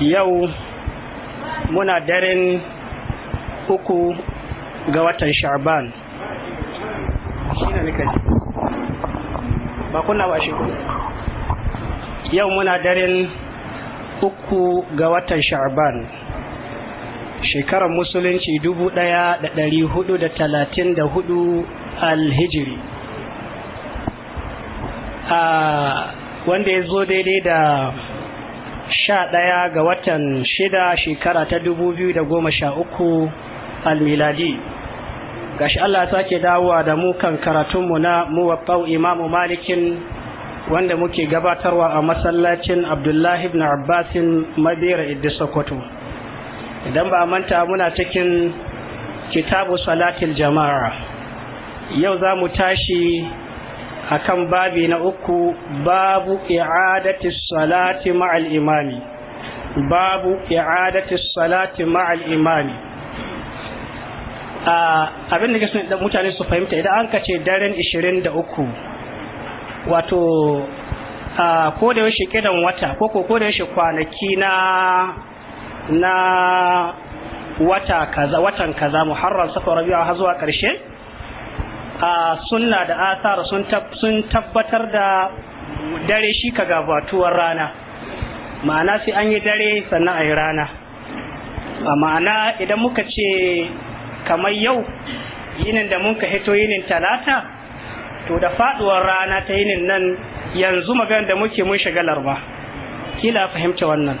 yau muna daren uku ga watan sha'ban ba kuna ba shi yau muna daren uku ga watan sha'ban shekarar musulunci dubu daya da dari hudu da talatin da hudu alhijiri ah, wanda ya zo daidai da sha ɗaya ga watan shida shekara ta dubu biyu da goma sha uku almiladi gashi Allah sake dawowa da mu kan karatunmu na muwaffau imamu malikin wanda muke gabatarwa a masallacin abdullahi ibn abbasin mabera idda sokoto idan ba manta muna cikin kitabu salatil jama'a yau za mu tashi akan babi na uku babu i'adati salati ma'al imami babu i'adati salati ma'al imami ah, abin da kasan mutane su fahimta idan an kace daren 23 wato ah, ko da yaushe kidan wata ko ko da yaushe kwanaki na na wata kaza watan kaza muharram safar rabi'a har zuwa karshe a sunna da asar sun tabbatar da dare shi ka gabatuwar rana ma'ana sai an yi dare sannan a yi rana a ma'ana idan muka ce kamar yau yinin da muka hito yinin talata to da faduwar rana ta yinin nan yanzu magana da muke mun shagalar ba kila fahimta wannan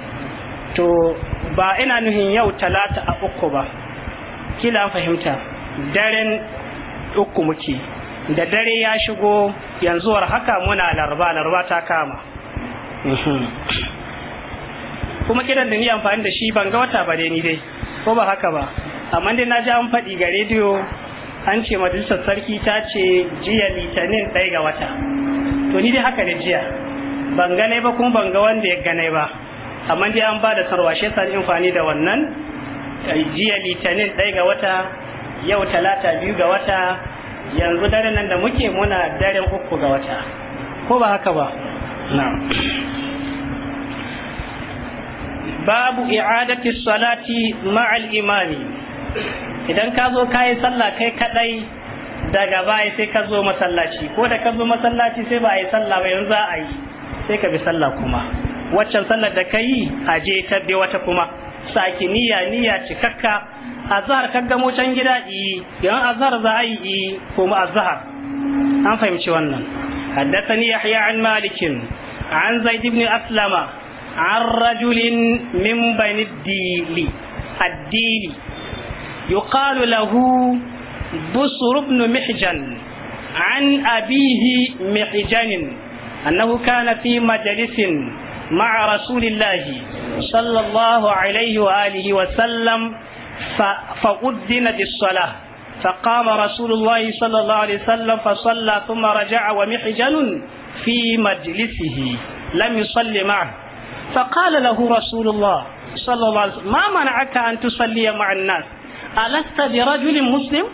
to ba ina nuhin yau talata a uku ba kila fahimta daren uku muke da dare ya shigo yanzu war haka muna larba larba ta kama kuma kiran da ni amfani da shi ban ga wata ba dai ni dai ko ba haka ba amma dai na ji an faɗi ga rediyo an ce majalisar sarki ta ce jiya litinin ɗaya ga wata to ni dai haka da jiya ban gane ba kuma ban ga wanda ya gane ba amma dai an ba da sarwashe shi amfani da wannan jiya litinin ɗaya ga wata yau talata biyu ga wata yanzu dare nan da muke muna daren uku ga wata ko ba haka ba na. babu i'adati salati ma'al imami idan ka zo kayi sallah kai kadai daga baya sai ka zo masallaci ko da ka zo masallaci sai ba a yi sallah ba yanzu za a yi sai ka bi sallah kuma waccan sallar da ka yi a je ta bi wata kuma saki niyya niyya cikakka azhar ka gamo can gida yi yan azhar za a yi ko mu azhar an fahimci wannan haddathani yahya an malik an zaid ibn aslama an rajulin min bani dili addili yuqalu lahu busr ibn mihjan عن أبيه محجن أنه كان في مجلس مع رسول الله صلى الله عليه وآله وسلم فأذن بالصلاة فقام رسول الله صلى الله عليه وسلم فصلى ثم رجع ومحجن في مجلسه لم يصلي معه فقال له رسول الله صلى الله عليه وسلم ما منعك أن تصلي مع الناس ألست برجل مسلم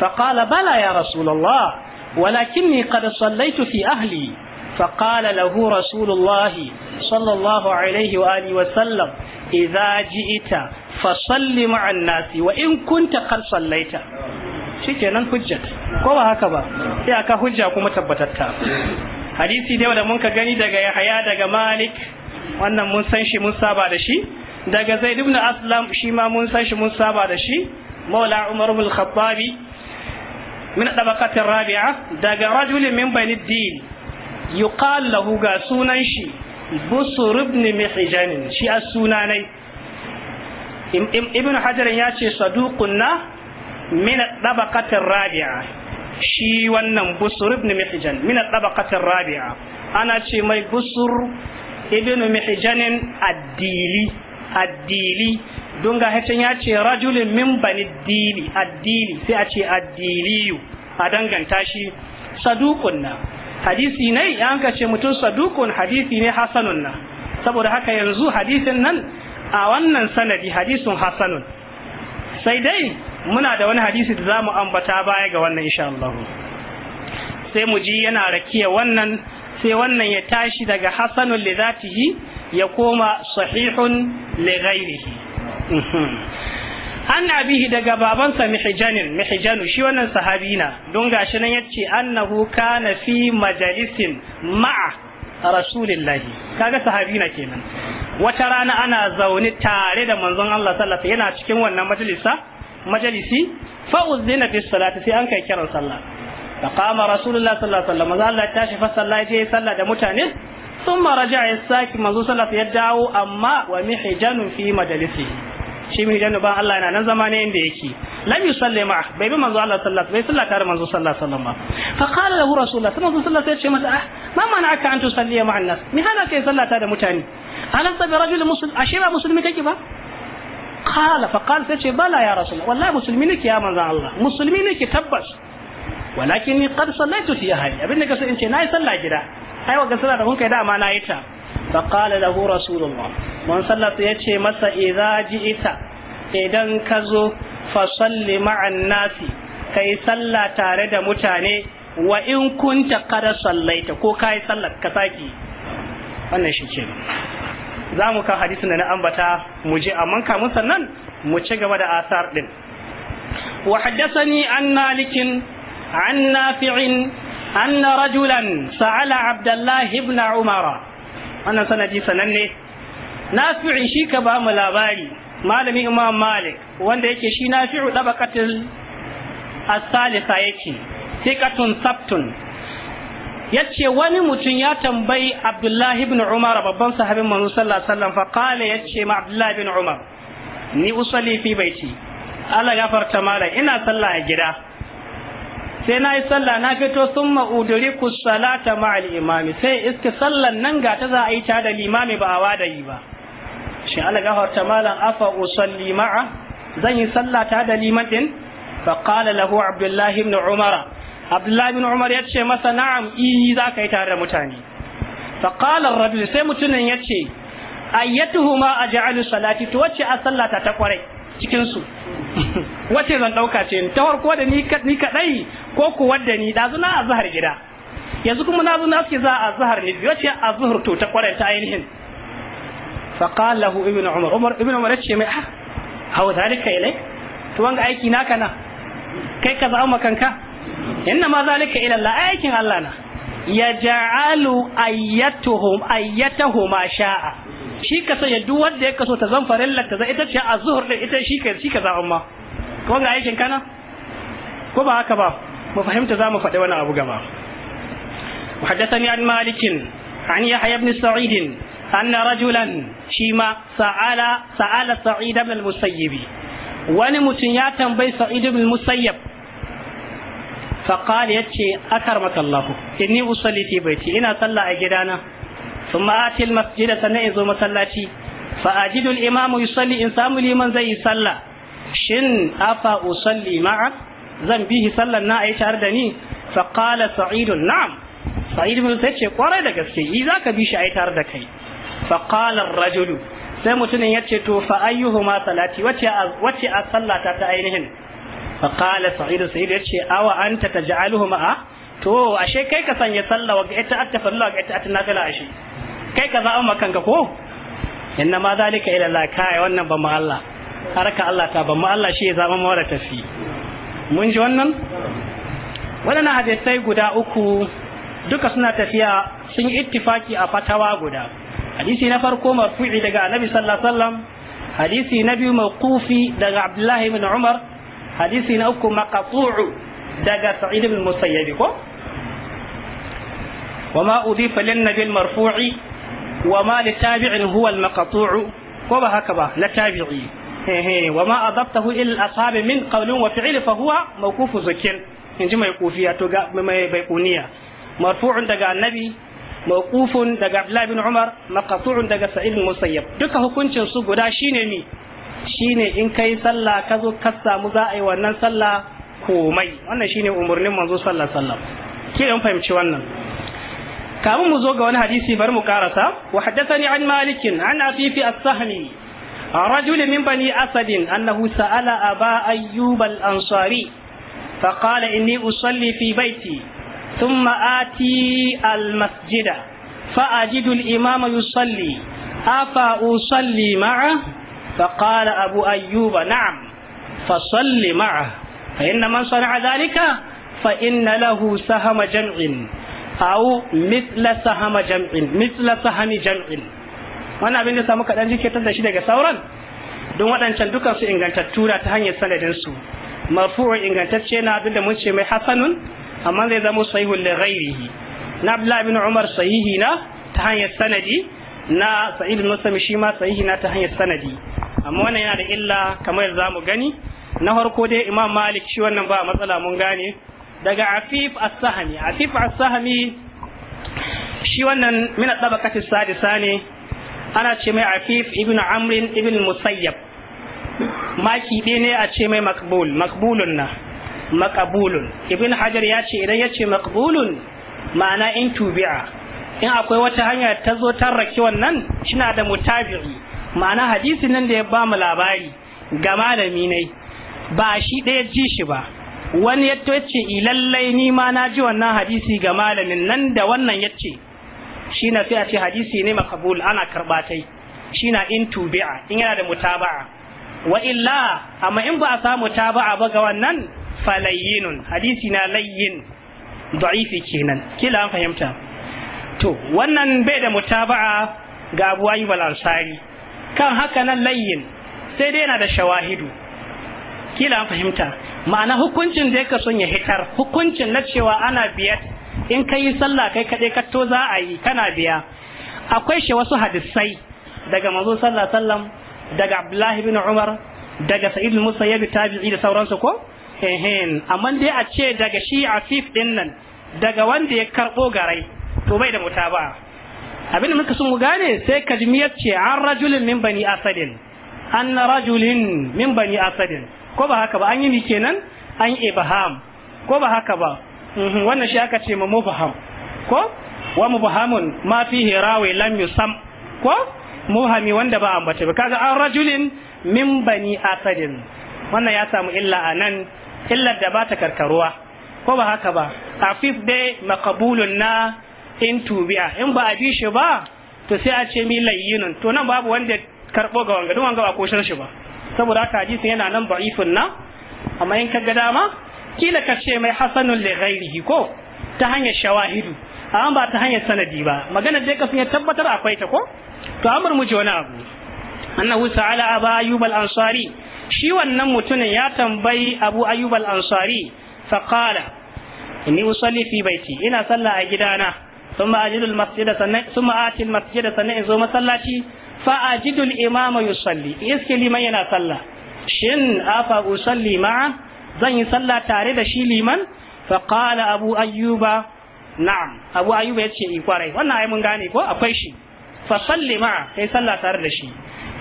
فقال بلى يا رسول الله ولكني قد صليت في أهلي فقال له رسول الله صلى الله عليه وآله وسلم إذا جئت فصل مع الناس وإن كنت قد hujja ko ba haka ba sai aka hujja kuma tabbatatta hadisi da wanda mun ka gani daga Yahaya daga Malik wannan mun san shi mun saba da shi daga Zaid ibn Aslam shima ma mun san mun saba da shi Maula Umar ibn Khattabi min dabaqatir rabi'a daga rajulin min bani din yuqal lahu ga sunan shi busur ibn mihjan shi as sunanai ibn hajar ya ce saduqun na min dabaqatir rabi'a shi wannan busur ibn mihjan min dabaqatir rabi'a ana ce mai busur ibn mihjanin addili addili don ga ya ce rajulin min bani dili addili sai a ce addiliyu a danganta shi sadukunna. hadisi ne ya ka ce mutum sadukun hadisi ne hasanun nan saboda haka yanzu hadisin nan a wannan sanadi hadisun hasanun sai dai muna da wani hadisi da zamu ambata baya ga wannan insha Allah sai mu ji yana rakiya wannan sai wannan ya tashi daga hasanun li ya koma sahihun li ghairihi mhm. an bihi daga babansa mihijanin mihijanu shi wannan sahabi na don gashi nan ce annahu kana fi majalisin ma'a rasulillahi kaga sahabi na kenan wata rana ana zaune tare da manzon Allah sallallahu alaihi yana cikin wannan majalisa majalisi fa uzina fi salati sai an kai kiran sallah fa qama rasulullah sallallahu alaihi wasallam Allah tashi fa sallah je sallah da mutane thumma raja'a yasaki manzon sallallahu alaihi ya dawo amma wa Mihijanu fi majalisi. shi ibn hijan ba Allah yana nan zama ne inda yake lam yusalli bai bi manzo Allah sallallahu alaihi wasallam bai sallata manzo sallallahu alaihi wasallam fa qala lahu rasulullah sallallahu alaihi wasallam sai ce masa ah ma mana aka an tusalli ma annas mi hana kai sallata da mutane alam tabi rajul muslim ashira muslimi kake ba qala fa qala sai ce bala ya rasulullah wallahi muslimi nake ya manzo Allah muslimi nake tabbas walakin qad sallaitu fi ahli abinda kace in ce nayi sallah gida ai wa gasara da kun kai da ma yi ta فقال له رسول الله من صلى يتي مسا إذا جئت ka كزو فصل مع الناس كي صلى تارد متاني وإن كنت قد صليت كو كاي صلى كساكي wannan shi za mu ka hadisin da na ambata mu je amma kamun sannan mu ci gaba da asar din wa haddathani an malikin an nafi'in anna rajulan sa'ala abdullahi ibn umara wannan sanadi sananne nafi'in shi ka ba mu labari malamin imam malik wanda yake shi nafi'u dabaqatil as-salisa yake thiqatun sabtun yace wani mutum ya tambayi abdullahi ibn umar babban sahabin manzo sallallahu alaihi wasallam fa qala yace ma abdullahi ibn umar ni usalli fi baiti Allah gafarta mala ina sallah a gida sai na yi sallah na fito sun ma'udari ku salata ma'al imami sai iska sallan nan ga ta za a yi ta da limami ba a wadayi yi ba shin gahar ta malam afa usalli ma'a zan yi sallah ta da liman din fa qala lahu abdullah ibn umar abdullah ibn umar ya ce masa na'am i eh, za ka yi tare da mutane fa qala ar sai mutumin ya ce ayyatuhuma aj'alu salati to wacce a sallata ta kwarai cikin su wace zan ɗauka ce ta farko da ni kaɗai ko kuwa da ni da zuna azhar gida yanzu kuma na zuna ce za azhar ne biyo ce azhar to ta kwarai ta ainihin fa qala lahu ibn umar umar ibn umar ce mai ah hawa zalika ilai to wanga aiki naka na kai ka zama kanka inna ma zalika ila Allah aikin Allah na ya ja'alu ayyatuhum ayyatahuma sha'a shi ka so ya duk wanda ya kaso ta zan farilla ta zan ita ce azhur din ita shi ka shi ka zama ko ga aikin kana ko ba haka ba mu fahimta za mu faɗi wani abu gaba وحدثني عن مالك عن يحيى بن سعيد أن رجلا شيما سأل سأل سعيد بن المسيب ونمتن ياتم بي سعيد بن المسيب فقال يتشي أكرمك الله إني أصلي في بيتي إنا صلى أجدانا ثم آتي المسجد سنئذ مسلاتي فأجد الإمام يصلي إن سامو لي من زي صلى shin afa usalli ma'ak zan bihi sallan na ayi tare da ni fa qala sa'id na'am sa'id ibn sai ce kwarai da gaske yi zaka bi shi ayi tare da kai fa qala ar-rajulu sai mutumin yace to fa ayyuhuma salati wace wace a sallata ta ainihin fa qala sa'id sa'id yace awa anta taj'aluhu a? to ashe kai ka sanya sallah wa ita atta sallah wa ita atta nafila ashe kai ka za'a makan ka ko inna ma zalika ila Allah kai wannan ba ma Allah haraka Allah ta ban ma Allah shi ya zama mawara tafi mun ji wannan waɗannan hadisai guda uku duka suna tafiya sun yi ittifaki a fatawa guda hadisi na farko marfu'i daga annabi sallallahu alaihi wasallam hadisi na biyu mawqufi daga abdullahi ibn umar hadisi na uku maqtu'u daga sa'id ibn musayyib ko وما أضيف للنبي المرفوع وما لتابع هو المقطوع وما هكذا لتابعي wa ma adabtahu il ashabi min qawlin wa fi'li fa huwa mawqufu zakin inji mai kufiya to ga mai bai kuniya marfu'un daga annabi mawqufun daga Abdullah bin Umar maqtu'un daga Sa'id bin Musayyab duka hukuncin su guda shine mi shine in kai sallah ka zo ka samu za a yi wannan sallah komai wannan shine umurnin manzo sallallahu alaihi wasallam ke mun fahimci wannan kamun mu zo ga wani hadisi bari mu karasa wa haddathani an malikin an afifi as-sahmi رجل من بني أسد أنه سأل أبا أيوب الأنصاري فقال إني أصلي في بيتي ثم آتي المسجد فأجد الإمام يصلي أفا أصلي معه فقال أبو أيوب نعم فصل معه فإن من صنع ذلك فإن له سهم جمع أو مثل سهم جمع مثل سهم جمع wannan abin da samu kaɗan jikitar da shi daga sauran don waɗancan dukansu ingantattu na ta hanyar sanadinsu marfu'u ingantacce na abin da mun ce mai hasanun amma zai zama sahihun li ghairihi na abdullahi bin umar sahihi na ta hanyar sanadi na sa'id bin muslim shi ma sahihi na ta hanyar sanadi amma wannan yana da illa kamar yadda zamu gani na farko dai imam malik shi wannan ba matsala mun gane daga afif as-sahmi afif as shi wannan min ad sadisa ne ana ce mai afif ibn amrin ibn musayyab maki ɗaya ne a ce mai makbul makbulun na makabulun ibn hajar ya ce idan ya ce makbulun ma'ana in tubi'a in akwai wata hanya ta zo ta raki wannan shina da mutabi'i ma'ana hadisi nan da ya ba mu labari ga malami ne ba shi ɗaya ji shi ba wani yadda ya ce eh, lallai ni ma na ji wannan hadisi ga malamin nan da wannan ya ce shi na sai a ce hadisi ne makabul ana karba tai shi na in tubi'a in yana da mutaba'a wa illa amma in ba a samu taba'a ba ga wannan falayyinun hadisi na layyin da'ifi kenan kila an fahimta to wannan bai da mutaba'a ga Abu Ayyub al-Ansari kan haka nan layyin sai dai yana da shawahidu kila an fahimta ma'ana hukuncin da yake son ya hitar hukuncin na cewa ana biyar in ka yi sallah kai kaɗai ka to za a yi kana biya akwai shi wasu hadisai daga manzo sallah sallam daga abdullahi bin umar daga sa'id Musa musayyab tabi'i da sauransu ko ehen amma dai a ce daga shi afif din nan daga wanda ya karbo garai to bai da mutaba abin da muka sun gane sai kajmiyar ce an rajulin min bani asadin an rajulin min bani asadin ko ba haka ba an yi ni kenan an ibham ko ba haka ba Mhm, wannan shi aka ce ma mubham ko wa mubhamun ma fihi rawi lam yusam ko muhami wanda ba ambace ba kaga an rajulin min bani asadin wannan ya samu illa anan illar da ba ta karkaruwa ko ba haka ba afif dai makabulun na in tubiya in ba a bi shi ba to sai a ce mi layyinun to nan babu wanda karbo ga wanga duk wanga ba koshin shi ba saboda haka hadisin yana nan ba'ifun na amma in ka ga dama kila ka ce mai hasanun li ko ta hanyar shawahidu amma ba ta hanyar sanadi ba magana dai kasan ya tabbatar akwai ta ko to amur mu wani abu annahu sa'ala aba ayyub al-ansari shi wannan mutumin ya tambayi abu ayyub al-ansari fa qala inni usalli fi baiti ina sallah a gidana ثم أجد المسجد سنة ثم آتي المسجد سنة إذا ما صلاتي فأجد الإمام يصلي يسكي لمن ينا صلى شن أفا usalli معه zan yi sallah tare da shi liman fa qala abu ayyuba na'am abu ayyuba yace i eh, kwarai wannan ai mun gane ko akwai shi fa salli ma kai sallah tare da shi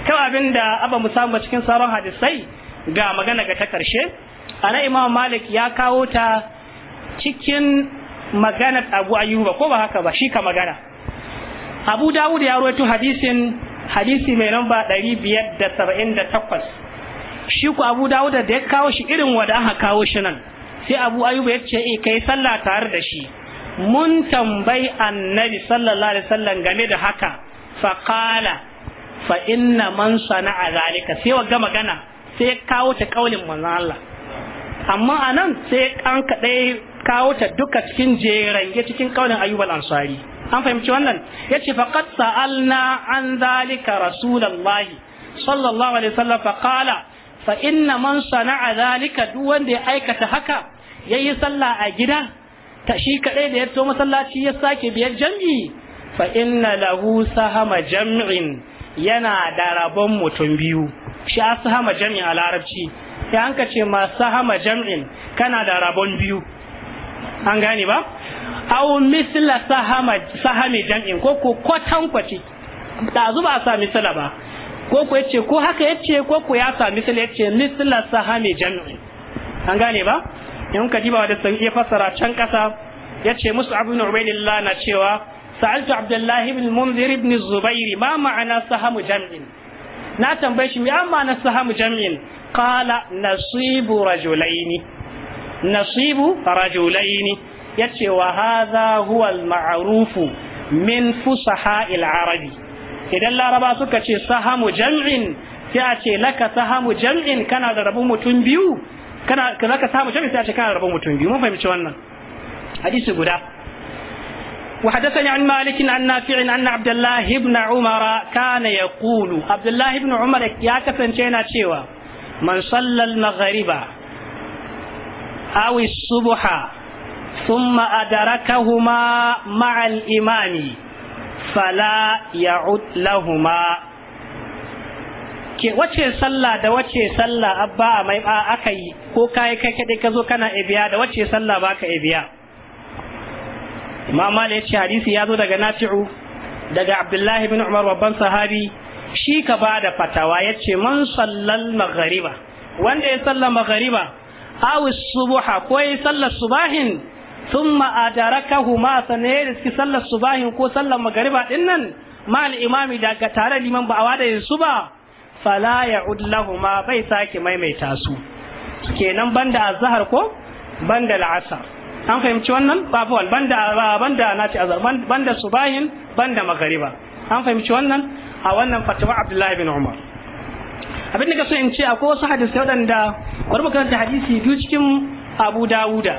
kawai abinda aba mu samu cikin sauran hadisai ga magana ga ta karshe ana imam malik ya kawo ta cikin maganar abu ayyuba ko ba haka ba shi ka magana abu dawud ya rawaito hadisin hadisi mai lamba 578 shi ku abu dawud da ya kawo shi irin wada aka kawo shi nan sai abu ayyuba ya ce eh kai sallah tare da shi mun tambayi annabi sallallahu alaihi wasallam game da haka fa qala fa inna man sana'a zalika sai wagga magana sai kawo ta kaulin manzon Allah amma anan sai an kadai kawo ta duka cikin jerange cikin kaulin ayyub al-ansari an fahimci wannan yace faqad sa'alna an zalika rasulullahi sallallahu alaihi wasallam fa qala fa inna man sana'a zalika duk wanda ya aikata haka yayi sallah a gida ta shi kadai da ya to masallaci ya sake biyar jam'i fa inna lahu sahama jam'in yana da rabon mutum biyu shi a sahama jam'in a larabci sai an ce ma sahama jam'in kana da rabon biyu an gane ba aw misla sahama sahami jam'in ko ko kwatankwaci da zuba sa misala ba ko ku yace ko haka yace ko ku ya sa misal yace misla sahami jam'i an gane ba in ka diba da sun iya fassara can kasa yace musu ibn ubaidillah na cewa sa'altu abdullah ibn munzir ibn zubair ma ma'ana sahamu jam'in na tambaye shi me ma'ana sahamu jam'in qala nasibu rajulaini nasibu rajulaini yace wa hadha huwa al-ma'rufu min fusaha al-arabi idan laraba suka ce sahamu jam'in sai a ce laka sahamu jam'in kana da rabu mutum biyu kana ka samu jam'in sai a ce kana da rabu mutum biyu mun fahimci wannan hadisi guda وحدثني عن مالك عن نافع أن عبد الله بن عمر كان يقول عبد الله بن عمر يا كفنتينا شيوا من صلى المغرب أو الصبح ثم أدركهما مع الإمام fala ya'ud lahuma ke wace sallah da wace sallah abba mai ba aka yi ko kai kai kaɗai ka zo kana ibiya da wace sallah baka ibiya imam malik ya ce hadisi ya zo daga nafi'u daga abdullahi bin umar babban sahabi shi ka ba da fatawa yace man sallal maghriba wanda ya salla maghriba aw subha ko ya salla subahin thumma adarakahuma sanne da suke sallar subahin ko sallar magariba din nan ma imami da ga tare liman ba a wada su ba fala ya'ud lahuma bai sake maimaita su kenan banda azhar ko banda al'asar an fahimci wannan ba fa banda banda nace azhar banda subahin banda magariba an fahimci wannan a wannan fatawa abdullahi bin umar abin da ka so in ce akwai wasu hadisai waɗanda bari mu karanta hadisi biyu cikin abu dawuda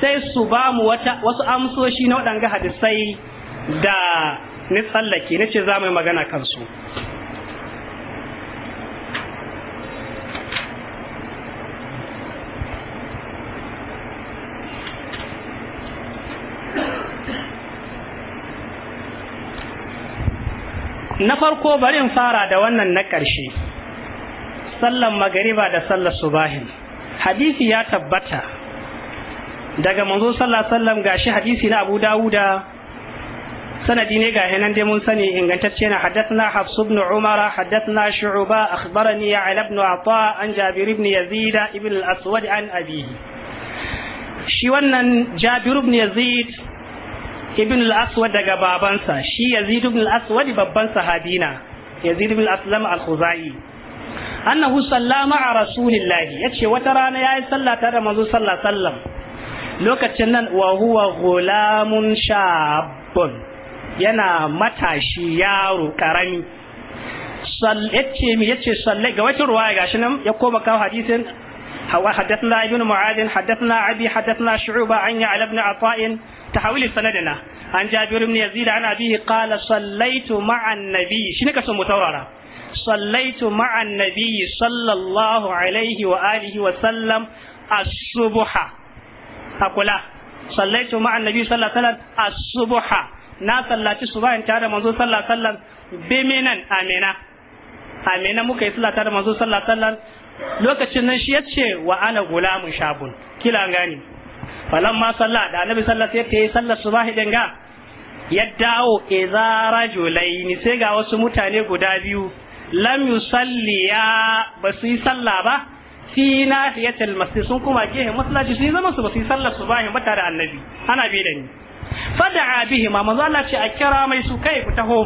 sai su ba mu wasu amsoshi na waɗanga hadisai da ni tsallake ni ce za mu yi magana kansu na farko bari in fara da wannan na ƙarshe sallan magariba da sallar subahin hadisi ya tabbata daga manzo sallallahu alaihi wasallam gashi hadisi na Abu Dawuda sanadi ne ga hinan dai mun sani ingantacce na haddathna Hafs ibn Umar haddathna Shu'ba akhbarani Ali ibn Atha an Jabir ibn Yazid ibn al-Aswad an abihi shi wannan Jabir ibn Yazid ibn al-Aswad daga babansa shi Yazid ibn al-Aswad babban sahabina Yazid ibn al-Aslam al-Khuzai annahu sallama a rasulillahi yace wata rana yayi sallah tare da manzo sallallahu alaihi wasallam lokacin nan wa huwa gulamun shabun yana matashi yaro karami yace mi yace sallai ga wata ruwaya gashi nan ya koma kawo hadisin hawa haddathna ibn mu'adh haddathna abi haddathna shu'ba an ya'la ibn ata'in tahawil sanadina an jabir ibn yazid an abihi qala sallaitu ma'a an-nabi shine kaso mutaurara sallaitu ma'a an-nabi sallallahu alaihi wa alihi wa sallam as-subha A akula sallaitu ma'an nabi sallallahu alaihi wasallam as-subha na sallaci subahin tare da manzo sallallahu alaihi wasallam biminan amina amina muka yi sallah tare da manzo sallallahu alaihi wasallam lokacin nan shi yace wa ana gulamun shabun kila gani ma sallah da annabi sallallahu alaihi wasallam ya sallar subahi din ga ya dawo idza rajulaini sai ga wasu mutane guda biyu lam yusalliya ba su yi sallah ba fi nahiyatil masjid sun kuma ke gehen masallaci sun zama su ba su sallar bayan ba tare annabi ana bi da ni a bihi ma manzo Allah ce a kira mai su kai ku taho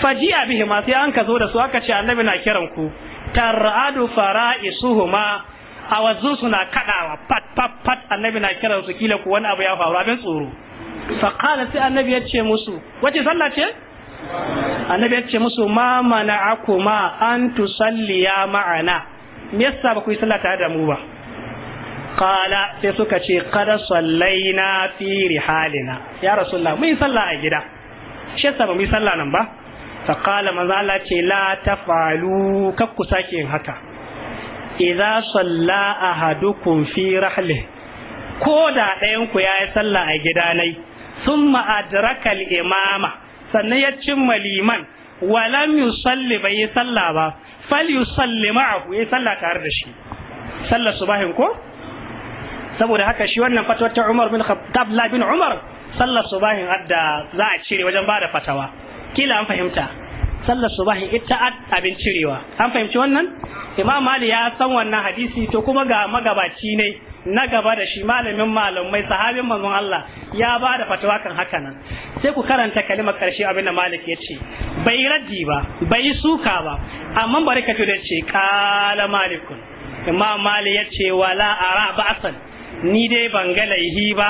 faji'a bihi ma sai an ka zo da su aka ce annabi na kiran ku tar'adu fara'isuhuma awazzu suna kadawa pat pat pat annabi na kiran su kila ku wani abu ya faru abin tsoro fa qala sai annabi ya ce musu wace sallah ce annabi ya ce musu ma mana'akuma an tusalliya ma'ana me yasa ba ku yi sallah tare da mu ba qala sai suka ce qad sallaina fi rihalina ya rasulullah mun yi sallah a gida shi yasa ba mu yi sallah nan ba fa qala manzo Allah ce la tafalu kakku sake yin haka idza salla ahadukum fi rahlihi ko da ɗayanku ya yi sallah a gida gidanai sun ma'adraka imama sannan ya cimma liman walam yusalli bai yi sallah ba falyusalli ma'ahu yayi sallah tare da shi sallar subahin ko saboda haka shi wannan fatawar ta Umar bin Khattab bin Umar sallar subahin adda za a cire wajen ba da fatawa kila an fahimta sallar subahin ita abin cirewa an fahimci wannan Imam Ali ya san wannan hadisi to kuma ga magabaci ne na gaba da shi malamin malamai sahabin manzon Allah ya ba da fatawa kan haka nan sai ku karanta kalimar karshe abin da Malik ya ce bai raddi ba bai suka ba amma bari ka da ce kala malikun imam Malik ya ce wala ara asal ni dai ban ga laihi ba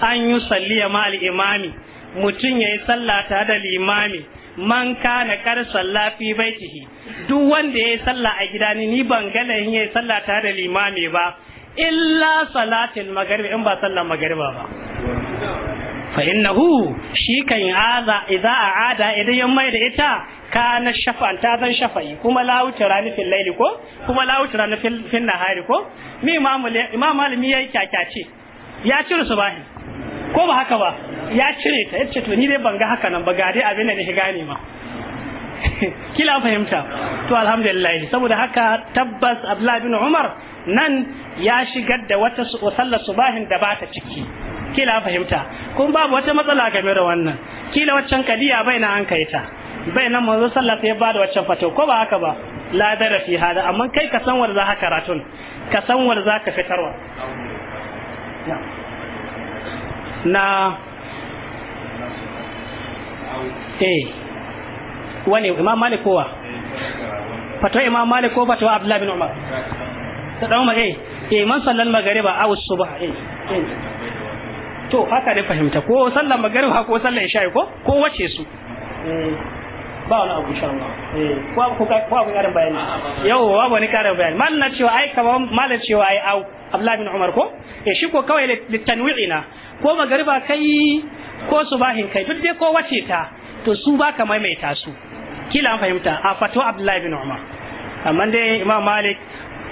an yi salliya mali imami mutum yayi sallah ta da limami man na kar salla fi baitihi duk wanda yayi sallah a gida ni ban ga laihin yayi sallah ta da limami ba illa salatin magariba in ba sallan magariba ba fa innahu shi kan aza idza aada idan ya mai da ita kana shafa'an ta zan shafa'i kuma la wutura ni fil laili ko kuma la wutura ni fil fil nahari ko mi imamu imam malami yayi kyakyace ya cire subahi ko ba haka ba ya cire ta yace to ni dai ban ga haka nan ba ga dai abin da ni gane ma kila fahimta to alhamdulillah saboda haka tabbas Abdullahi bin Umar nan ya shigar da wata sallar subahin da ba ta ciki kila fahimta kun babu wata matsala game da wannan kila waccan kadiya bai na an kai ta bai nan manzo sallah sai ba da waccan fato ko ba haka ba la dara fi hada amma kai ka san za ka karatun ka san war za ka fitarwa na eh wane imam malik kowa fatwa imam malik ko fatwa abdullahi bin umar ta dawo mai eh, eh man sallan magriba aw subh eh, eh to haka dai fahimta ko sallan magriba ko sallan isha ko ko wace su eh, ba wani abu insha Allah ko abu karin bayani yau ba wani karin bayani man na cewa ai kaman malam cewa ai au abdullahi bin umar ko eh shi ko kawai litanwi'ina ko magriba kai ko subahin kai duk dai ko wace ta to su ba ka maimaita su kila an fahimta a fato abdullahi bin umar amma dai imam malik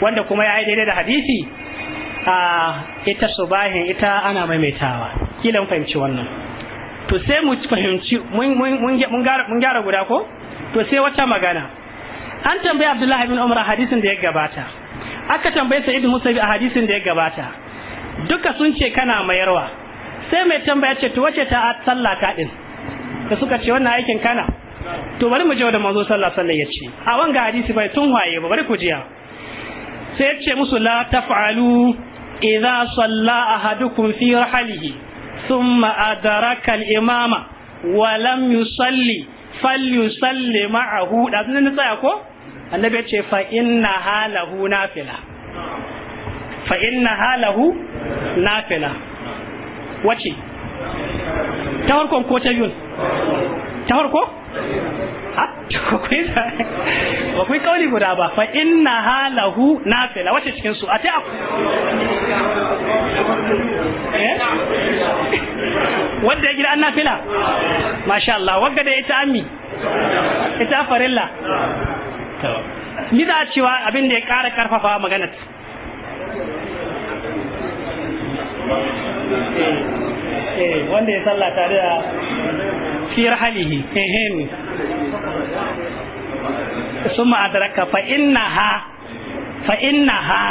wanda kuma ya yi daidai da hadisi a ita subahin ita ana maimaitawa kila an fahimci wannan to sai mu fahimci mun gyara guda ko to sai wata magana an tambayi abdullahi bin umar hadisin da ya gabata aka tambaye sa'id musabi a hadisin da ya gabata duka sun ce kana mayarwa sai mai tambaya ce to wace ta sallata din ka suka ce wannan aikin kana to bari mu je da manzo sallallahu alaihi wasallam ce, a wanga hadisi bai tun waye ba bari ku jiya sai yace musu la taf'alu idza salla ahadukum fi rahalihi thumma adraka al-imama wa lam yusalli falyusalli ma'ahu da sun tsaya ko annabi yace fa inna halahu nafila fa inna halahu nafila wace tawar ko ko ta biyun ta ko ko kauli guda ba fa inna halahu nafila wace cikin su a ta eh? wadda ya gida an nafila masha Allah wanda da ita ammi ita farilla ni da a cewa abin da ya kara karfafa maganar Eh, wanda ya salla tare da fi rahalihi ehem summa ma'adaraka, fa ha, fa ha,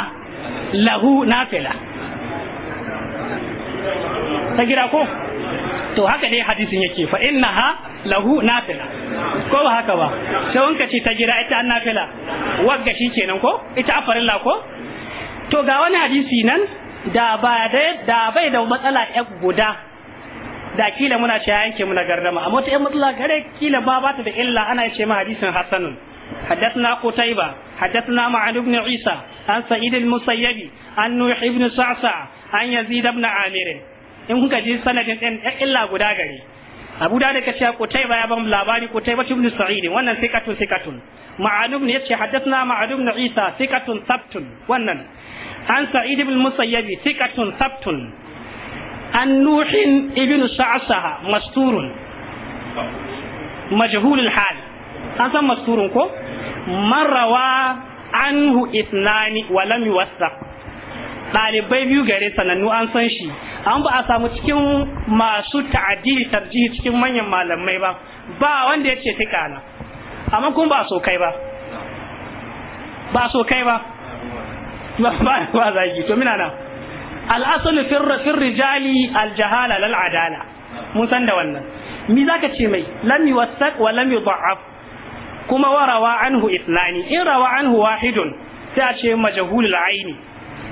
lahu nafila ta gida ko to haka dai hadisin yake fa ha, lahu nafila ko ba haka ba sai wanka ce ta gida ita an nafila wagga shi kenan ko ita afarilla ko to ga wani hadisi nan da ba da bai da matsala ya guda da kila muna ce yanke muna gardama amma ta yan matsala gare kila ba ba ta da illa ana ce ma hadisin hasanun حدثنا قتيبة حدثنا معن بن عيسى عن سعيد المسيب عن نوح بن سعسع عن يزيد بن عامر in kuka ji sanadin ɗin illa guda gari abu da ka cewa kutaiba ya bamu labari kutaiba ibn sa'id wannan sikatun sikatun ma'anum ne yace haddathna ma'anum isa sikatun sabtun wannan an sa'id ibn musayyabi sabtun an nuhin ibn sa'saha masturun majhulul hal an san masturun ko marawa anhu ithnani wa lam yuwassaq ɗalibai biyu gare sanannu an san shi an ba a samu cikin masu ta'adili tarjihi cikin manyan malamai ba ba wanda ya ce fikana amma kun ba so kai ba ba so kai ba ba ba zagi to mina na al'asul fir rijali aljahala lal adala mun san da wannan mi zaka ce mai lami yuwassaq wa lam yudha'af kuma wa rawa anhu ithnani in rawa anhu wahidun sai a ce majhulul aini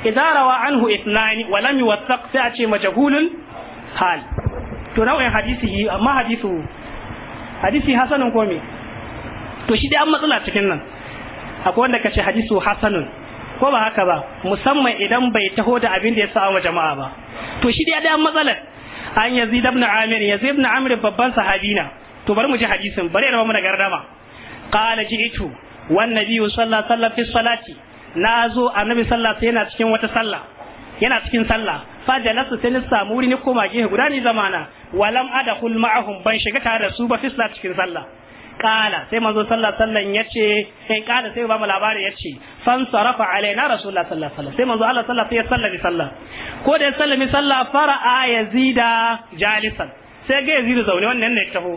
idan rawa anhu ithnani wa lam yuwassaq sai a ce majhulul hal to nau'in hadisi amma hadisu hadisi hasanun ko me to shi dai an matsala cikin nan akwai wanda ce hadisu hasanun ko ba haka ba musamman idan bai taho da abin da ya samu jama'a ba to shi dai da matsalar an yazid ibn amir yazid ibn amir babban sahabi na to bari mu ji hadisin bari ya mu na gardama qala ji'tu wan nabi sallallahu alaihi fi salati nazo annabi sallallahu alaihi yana cikin wata sallah yana cikin sallah fa nasu sai ni samu wuri ni koma gehe guda ni zamana walam adakul ma'ahum ban shiga tare da su ba fi cikin sallah kala sai manzo sallallahu alaihi wasallam yace sai kala sai ba mu labari yace san sarafa alaina rasulullah sallallahu alaihi wasallam sai manzo Allah sallallahu alaihi wasallam ya sallami sallah ko da ya sallami sallah fara'a yazida jalisan sai ga yazidu zaune wannan ne taho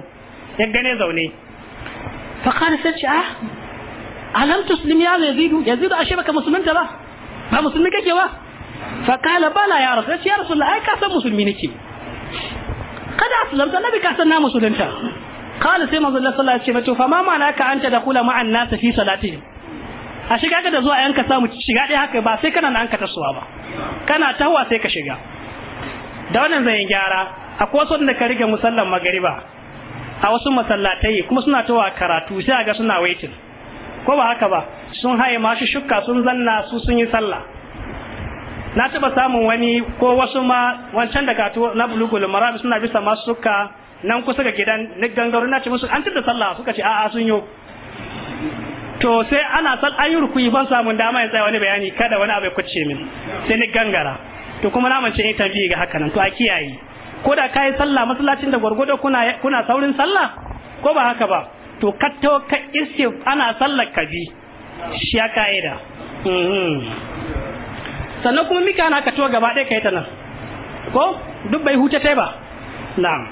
ya gane zaune fa kana sai a ah alam tuslim ya yazidu yazidu ashe baka musulunta ba ba musulmi kake ba fa kala bala ya rasul ya rasul ai ka san musulmi nake kada aslamta nabi ka san na musulunta qala sai manzo Allah sallallahu alaihi wasallam ce fa ma malaka anta da kula ma'an nas fi salatihim a shiga ka da zuwa yanka samu shiga dai haka ba sai kana nan ka tasowa ba kana tawa sai ka shiga da wannan zai yi gyara akwai wasu da ka rige musallan magariba a wasu masallatai kuma suna tawa karatu sai ga suna waitin ko ba haka ba sun haye shi shukka sun zanna su sun yi sallah na taba samun wani ko wasu ma wancan da na bulugul marabi suna bisa masu shukka. nan kusa ga gidan na gangaro na ce musu an tada sallah suka ce a'a sun yo to sai ana sal an yi rukuyi ban samun dama ya tsaya wani bayani kada wani abu ya kuce min sai ni gangara to kuma na mace ni tafi ga haka nan to a kiyaye ko da kai sallah masallacin da gwargwado kuna kuna saurin sallah ko ba haka ba to katto ka iske ana sallar bi shi ya ka'ida mm-hmm. sannan kuma mika na ka to gaba ɗaya ka yi ta nan ko duk bai huce ta ba na'am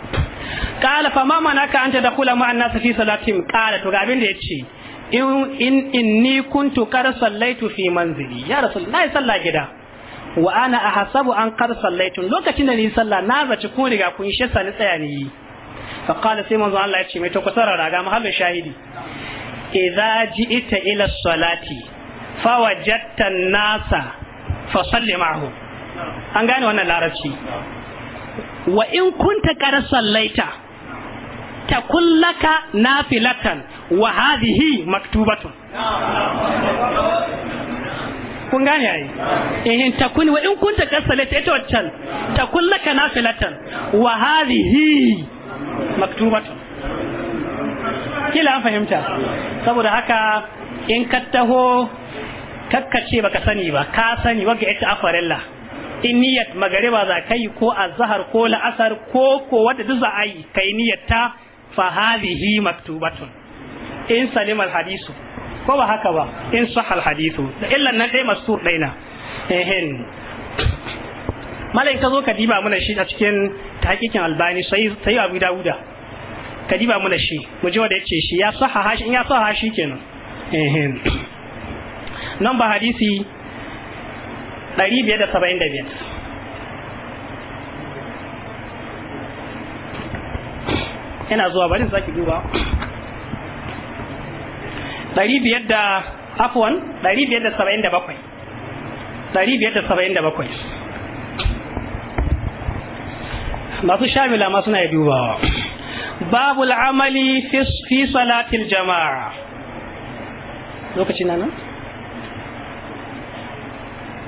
qala fa ma manaka anta dakhula ma'an nas fi salatin qala to ga abin da yace in in inni kuntu qad sallaitu fi manzili ya rasul na salla gida wa ana ahasabu an qad sallaitu lokacin da ni salla na zaci kun riga kun shi sani tsaya ni fa qala sai manzo Allah yace mai to ku sarara ga mahallin shahidi idza ji'ita ila salati fawajadta an-nasa fa salli ma'ahum an gane wannan larabci wa in kunta qad sallaita takun laka nafilatan wa hadhihi maktubatun kun gane ai eh kun wa in kunta qad sallaita ita waccan ta kullaka nafilatan wa hadhihi maktubatun kila an fahimta saboda haka in ka taho kakkace baka sani ba ka sani waga ita afarella. in niyyat magariba za ka yi ko azhar ko la'asar ko ko wadda duk za a yi kai niyyar ta fa hadhihi maktubatun in salimal hadisu ko ba haka ba in sahal hadisu da illan nan dai masur daina ehin malai ka zo ka diba mana shi a cikin tahqiqin albani sai sai abu dauda ka diba mana shi mu ji wanda yace shi ya sahaha shi in ya sahaha shi kenan ehin nan ba hadisi ɗari biyar da saba'in da biyar yana zuwa bari sake duba dari biyar da afuwan dari biyar da saba'in da bakwai dari biyar da saba'in da bakwai masu shamila ma suna dubawa babu amali fi salatil jama'a lokacin nan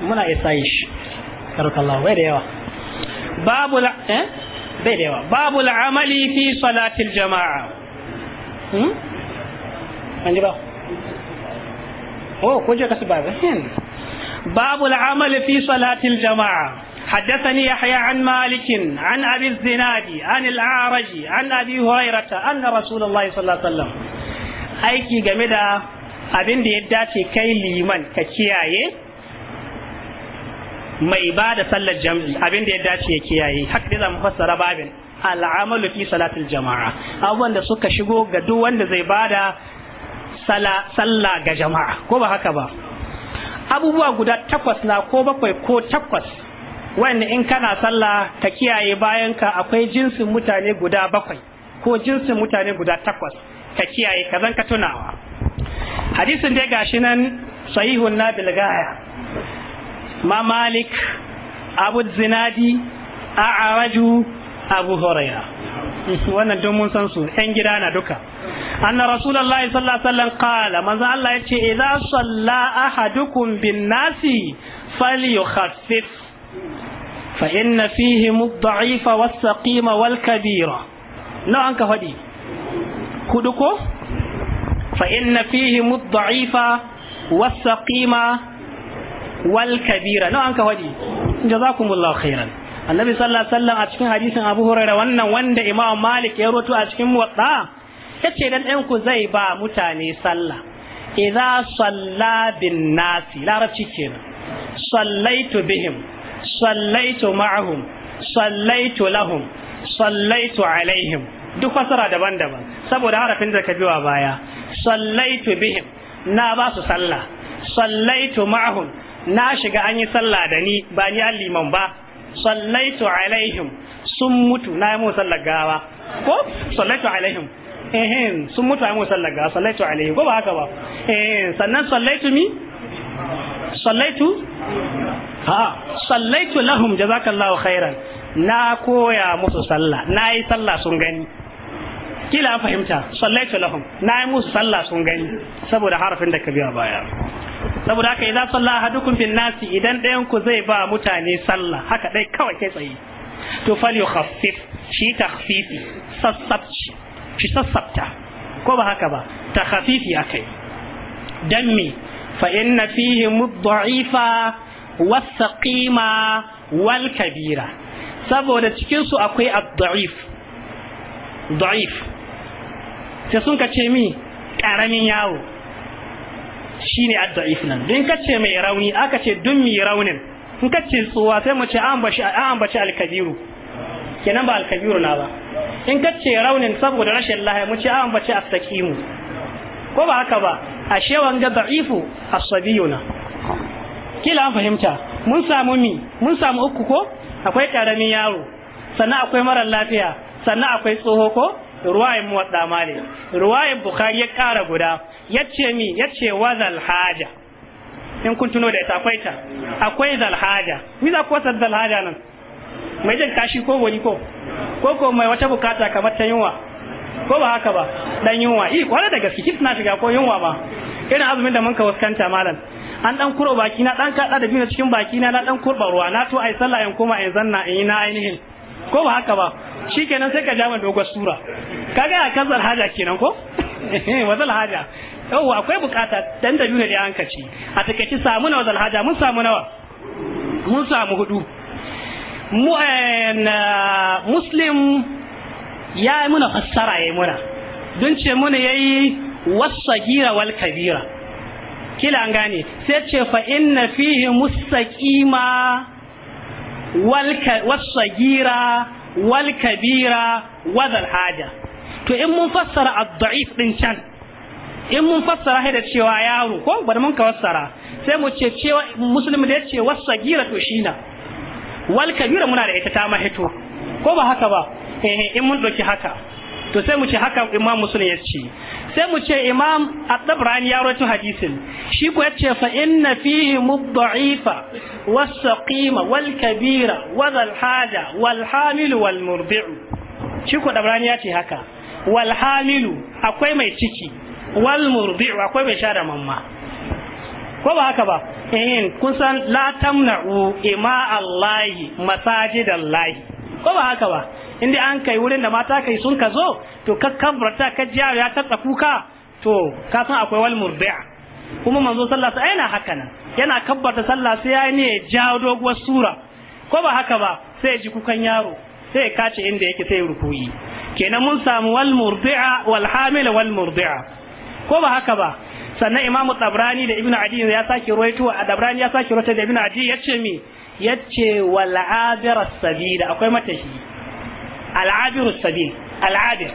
muna isa shi bai da yawa babu eh bai da yawa babu al'amali fi salatil jama'a hmm an ji ba oh ko je ba fi salatil jama'a حدثني يحيى عن مالك عن ابي الزناد عن الاعرج عن ابي هريره رسول الله صلى الله عليه وسلم aiki game da abin da ya dace kai liman ka kiyaye mai ba da sallar jam'i abin da ya dace ya kiyaye haka da zamu fassara babin al'amalu fi salatil jama'a abubuwan da suka shigo ga duk wanda zai bada sallah ga jama'a ko ba haka ba abubuwa guda takwas na ko bakwai ko takwas wanda in kana sallah ka kiyaye bayan ka akwai jinsin mutane guda bakwai ko jinsin mutane guda takwas ka kiyaye ka zan ka tunawa hadisin dai gashi nan sahihun na gaya ma malik abu zinadi a'raju abu huraira wannan don su yan gida na duka anna rasulullahi sallallahu alaihi wasallam qala manzo Allah yace idza salla ahadukum bin nasi falyukhaffif fa inna fihim ad-da'ifa was-saqima wal-kabira nawa an ka wal kabira no an ka wadi jazakumullahu khairan annabi sallallahu alaihi wasallam a cikin hadisin abu huraira wannan wanda imam malik ya roto a cikin muwatta yace dan ɗan ku zai ba mutane sallah idza salla bin nasi larabci kenan sallaitu bihim sallaitu ma'ahum sallaitu lahum sallaitu alaihim duk fasara daban-daban saboda harafin da ka biwa baya sallaitu bihim na ba su sallah sallaitu ma'ahum na shiga an yi sallah da ni ba ni an liman ba sallaitu alaihim sun mutu na yi mu sallar gawa ko sallaitu alaihim ehem sun mutu a yi mu sallar gawa sallaitu alaihim ko ba haka ba eh sannan sallaitu mi sallaitu ha sallaitu lahum jazakallahu khairan na koya musu sallah na yi sallah sun gani kila fahimta sallaitu lahum na yi musu sallah sun gani saboda harafin da ka biya baya saboda haka idza salla ahadukum bin nasi idan ɗayan ku zai ba mutane sallah haka dai kawai kai tsaye to fal yukhaffif shi takhfifi sassabci shi sassabta ko ba haka ba takhfifi akai Dammi me fa inna fihi mudda'ifa wasaqima wal kabira saboda cikin su akwai ad-da'if da'if sai sun kace mi karamin yawo ne ad-da'if nan don kace mai rauni aka ce dun mi raunin in kace tsuwa sai mu ce an bashi an bashi al-kabiru kenan ba al-kabiru na ba in kace raunin saboda rashin lahiya mu ce an bashi as-sakimu ko ba haka ba ashe wanga da'ifu as-sabiyuna kila an fahimta mun samu mi mun samu uku ko akwai karamin yaro sannan akwai mara lafiya sannan akwai tsoho ko ruwayin muwadda malik ruwayin bukhari ya kara guda yace mi yace wazal haja in kun tuno da ita akwai ta akwai zal haja mi za ku wasa zal haja nan mai jin kashi ko wani ko ko ko mai wata bukata kamar ta yunwa ko ba haka ba dan yunwa yi kwana da gaske kif shiga ko yunwa ma irin azumin da mun ka waskanta malam an dan kuro baki na dan kada da biyu cikin baki na na dan kurba ruwa na to ai sallah in koma in zanna in yi na ainihin ko ba haka ba shi kenan sai ka ja ma dogon sura kaga a kazar haja kenan ko eh, wazal haja yau akwai bukata dan da yuna da ci a takeici samu na wazal haja mun samu nawa mun samu hudu mu eh, muslim ya yi muna fassara ya yi muna don ce muna ya yi wasagira wal kabira kila an gane sai ce fa inna fihi mustaqima والصغيرة والكبيرة وذا الحاجة to in mun fassara ad-da'if din can in mun fassara haida cewa yaro ko bari mun ka fassara sai mu ce cewa muslim da yace wasagira to shina wal kabira muna da ita ta mahito ko ba haka ba eh, eh in mun doki haka to sai mu ce haka imam muslim yace sai mu ce imam at-tabrani ya rawaito hadisin shi ko yace fa inna fihi mudda'ifa was-saqima wal-kabira wa haja wal-hamil wal-murdi'u shi ko tabrani yace haka wal-hamilu akwai mai ciki wal-murdi'u akwai mai share mamma ko ba haka ba eh kun san la tamna'u ima Allah masajidallahi ko ba haka ba inda an kai wurin da mata kai sun ka zo to ka kabrata ka jiya ya tatsa kuka to ka san akwai wal murdi'a kuma manzo sallah sai yana haka nan yana kabbarta sallah sai ya ne jawo doguwar sura ko ba haka ba sai ya ji kukan yaro sai ya kace inda yake sai rukuyi kenan mun samu wal murdi'a wal hamil wal murdi'a ko ba haka ba sannan imamu tabrani da ibnu adi ya sake ruwaito a tabrani ya sake ruwaito da ibnu adi yace mi yace wal abira sabida akwai matashi al'abiru sabil al'abir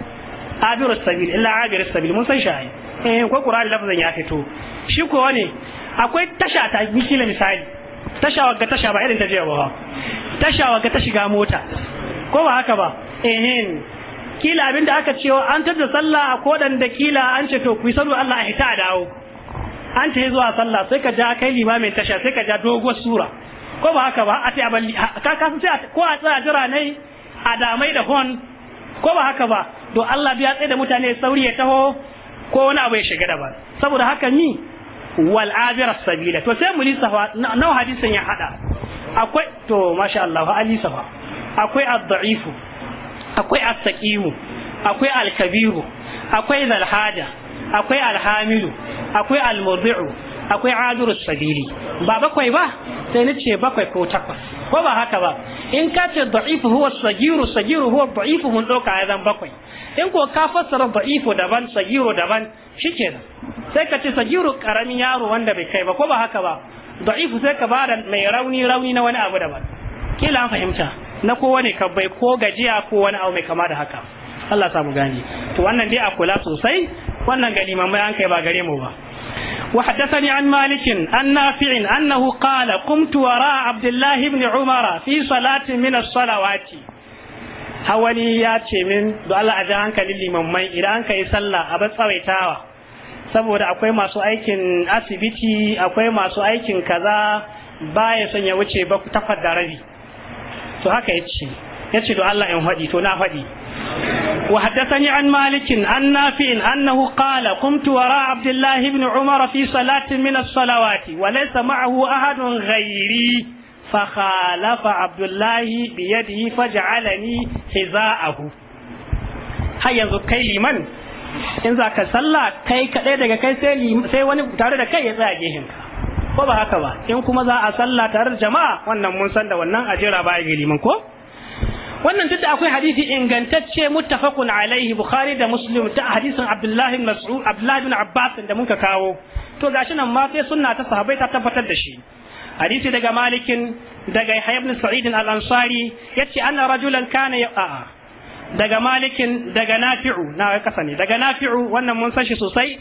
abiru sabil illa abiru sabil mun san shi ai eh ko qur'ani lafazin ya fito shi ko ne akwai tasha ta kila misali tasha wagga tasha ba irin ta jiya ba tasha wagga ta shiga mota ko ba haka ba eh kila abinda aka cewa an tada sallah ko dan da kila an ce to ku yi sallu Allah a hita dawo an ta zuwa sallah sai ka ja kai limamin tasha sai ka ja doguwar sura ko ba haka ba a ce abali ka kasu ko a tsaya jira ne adamai da hon ko ba haka ba to Allah ya tsaye da mutane sauri ya taho ko wani abu ya shiga ba saboda haka ni wal abira sabila to sai mu lissafa nawa hadisin ya hada akwai to masha Allah ali safa akwai ad-da'ifu akwai as-saqimu akwai al-kabiru akwai zal akwai alhamilu akwai al-murdi'u akwai ajurus sabili ba bakwai ba sai ni ce bakwai ko takwas ko ba haka ba in ka ce da'ifu huwa sagiru sagiru huwa da'ifu mun dauka ya zan bakwai in ko ka fassara da'ifu daban sagiru daban shikenan sai ka ce sagiru karamin yaro wanda bai kai ba ko ba haka ba da'ifu sai ka bada mai rauni rauni na wani abu daban kila an fahimta na kowane kabbai ko gajiya ko wani abu mai kama da haka Allah samu gani to wannan dai a kula sosai wannan galimamai an kai ba gare mu ba وحدثني an مالك عن نافع أنه قال قمت وراء عبد الله بن عمر في صلاة من الصلوات hawani ya ce min da Allah a ji hankalin limammai idan ka yi sallah a bar tsawaitawa saboda akwai masu aikin asibiti akwai masu aikin kaza baya son ya wuce ba takwas da rabi to haka ya ce ce to Allah in faɗi to na faɗi وحدثني عن مالك عن نافع أنه قال قمت وراء عبد الله بن عمر في صلاة من الصلوات وليس معه أحد غيري فخالف عبد الله بيده فجعلني حذاءه هيا زكي لمن in za ka sallah kai kaɗai daga kai sai wani tare da kai ya tsaya gehen ko ba haka ba in kuma za a sallah tare jama'a wannan mun san da wannan ajira ba ya liman ko wannan duk da akwai hadisi ingantacce muttafaqun alaihi bukhari da muslim ta hadisin abdullahi ibn mas'ud abdullahi ibn abbas da muka kawo to gashi nan ma sai sunna ta sahabbai ta tabbatar da shi hadisi daga malikin daga yahya ibn sa'id al-ansari yace anna rajulan kana ya'a daga malikin daga nafi'u na kasa ne daga nafi'u wannan mun san shi sosai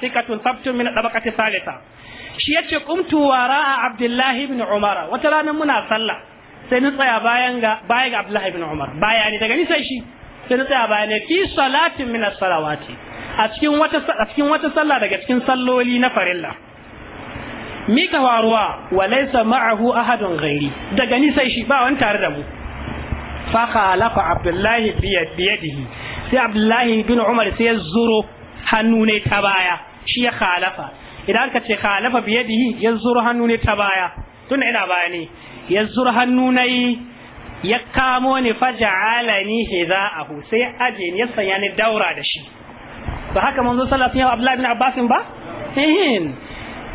thiqatun sabtun min tabaqati salisa shi yace qumtu wara'a abdullahi ibn umara wata ranar muna sallah sai ni tsaya bayan ga baya ga Abdullahi ibn Umar baya daga ni sai shi sai ni tsaya bayan ne fi salatin min as-salawati a cikin wata a cikin wata sallah daga cikin salloli na farilla mika waruwa wa laysa ma'ahu ahadun ghairi daga ni shi ba wani tare da mu fa khalafa Abdullahi biyadihi sai Abdullahi ibn Umar sai ya zuro hannu ne ta baya shi ya khalafa idan ka ce khalafa biyadihi ya zuro hannu ne ta baya tun ina baya ne ya zura hannu na ya kamo ni faja alani hiza ahu sai ya aje ni ya sanya ni daura da shi ba haka manzo sallallahu alaihi abdullahi bin abbasin ba hin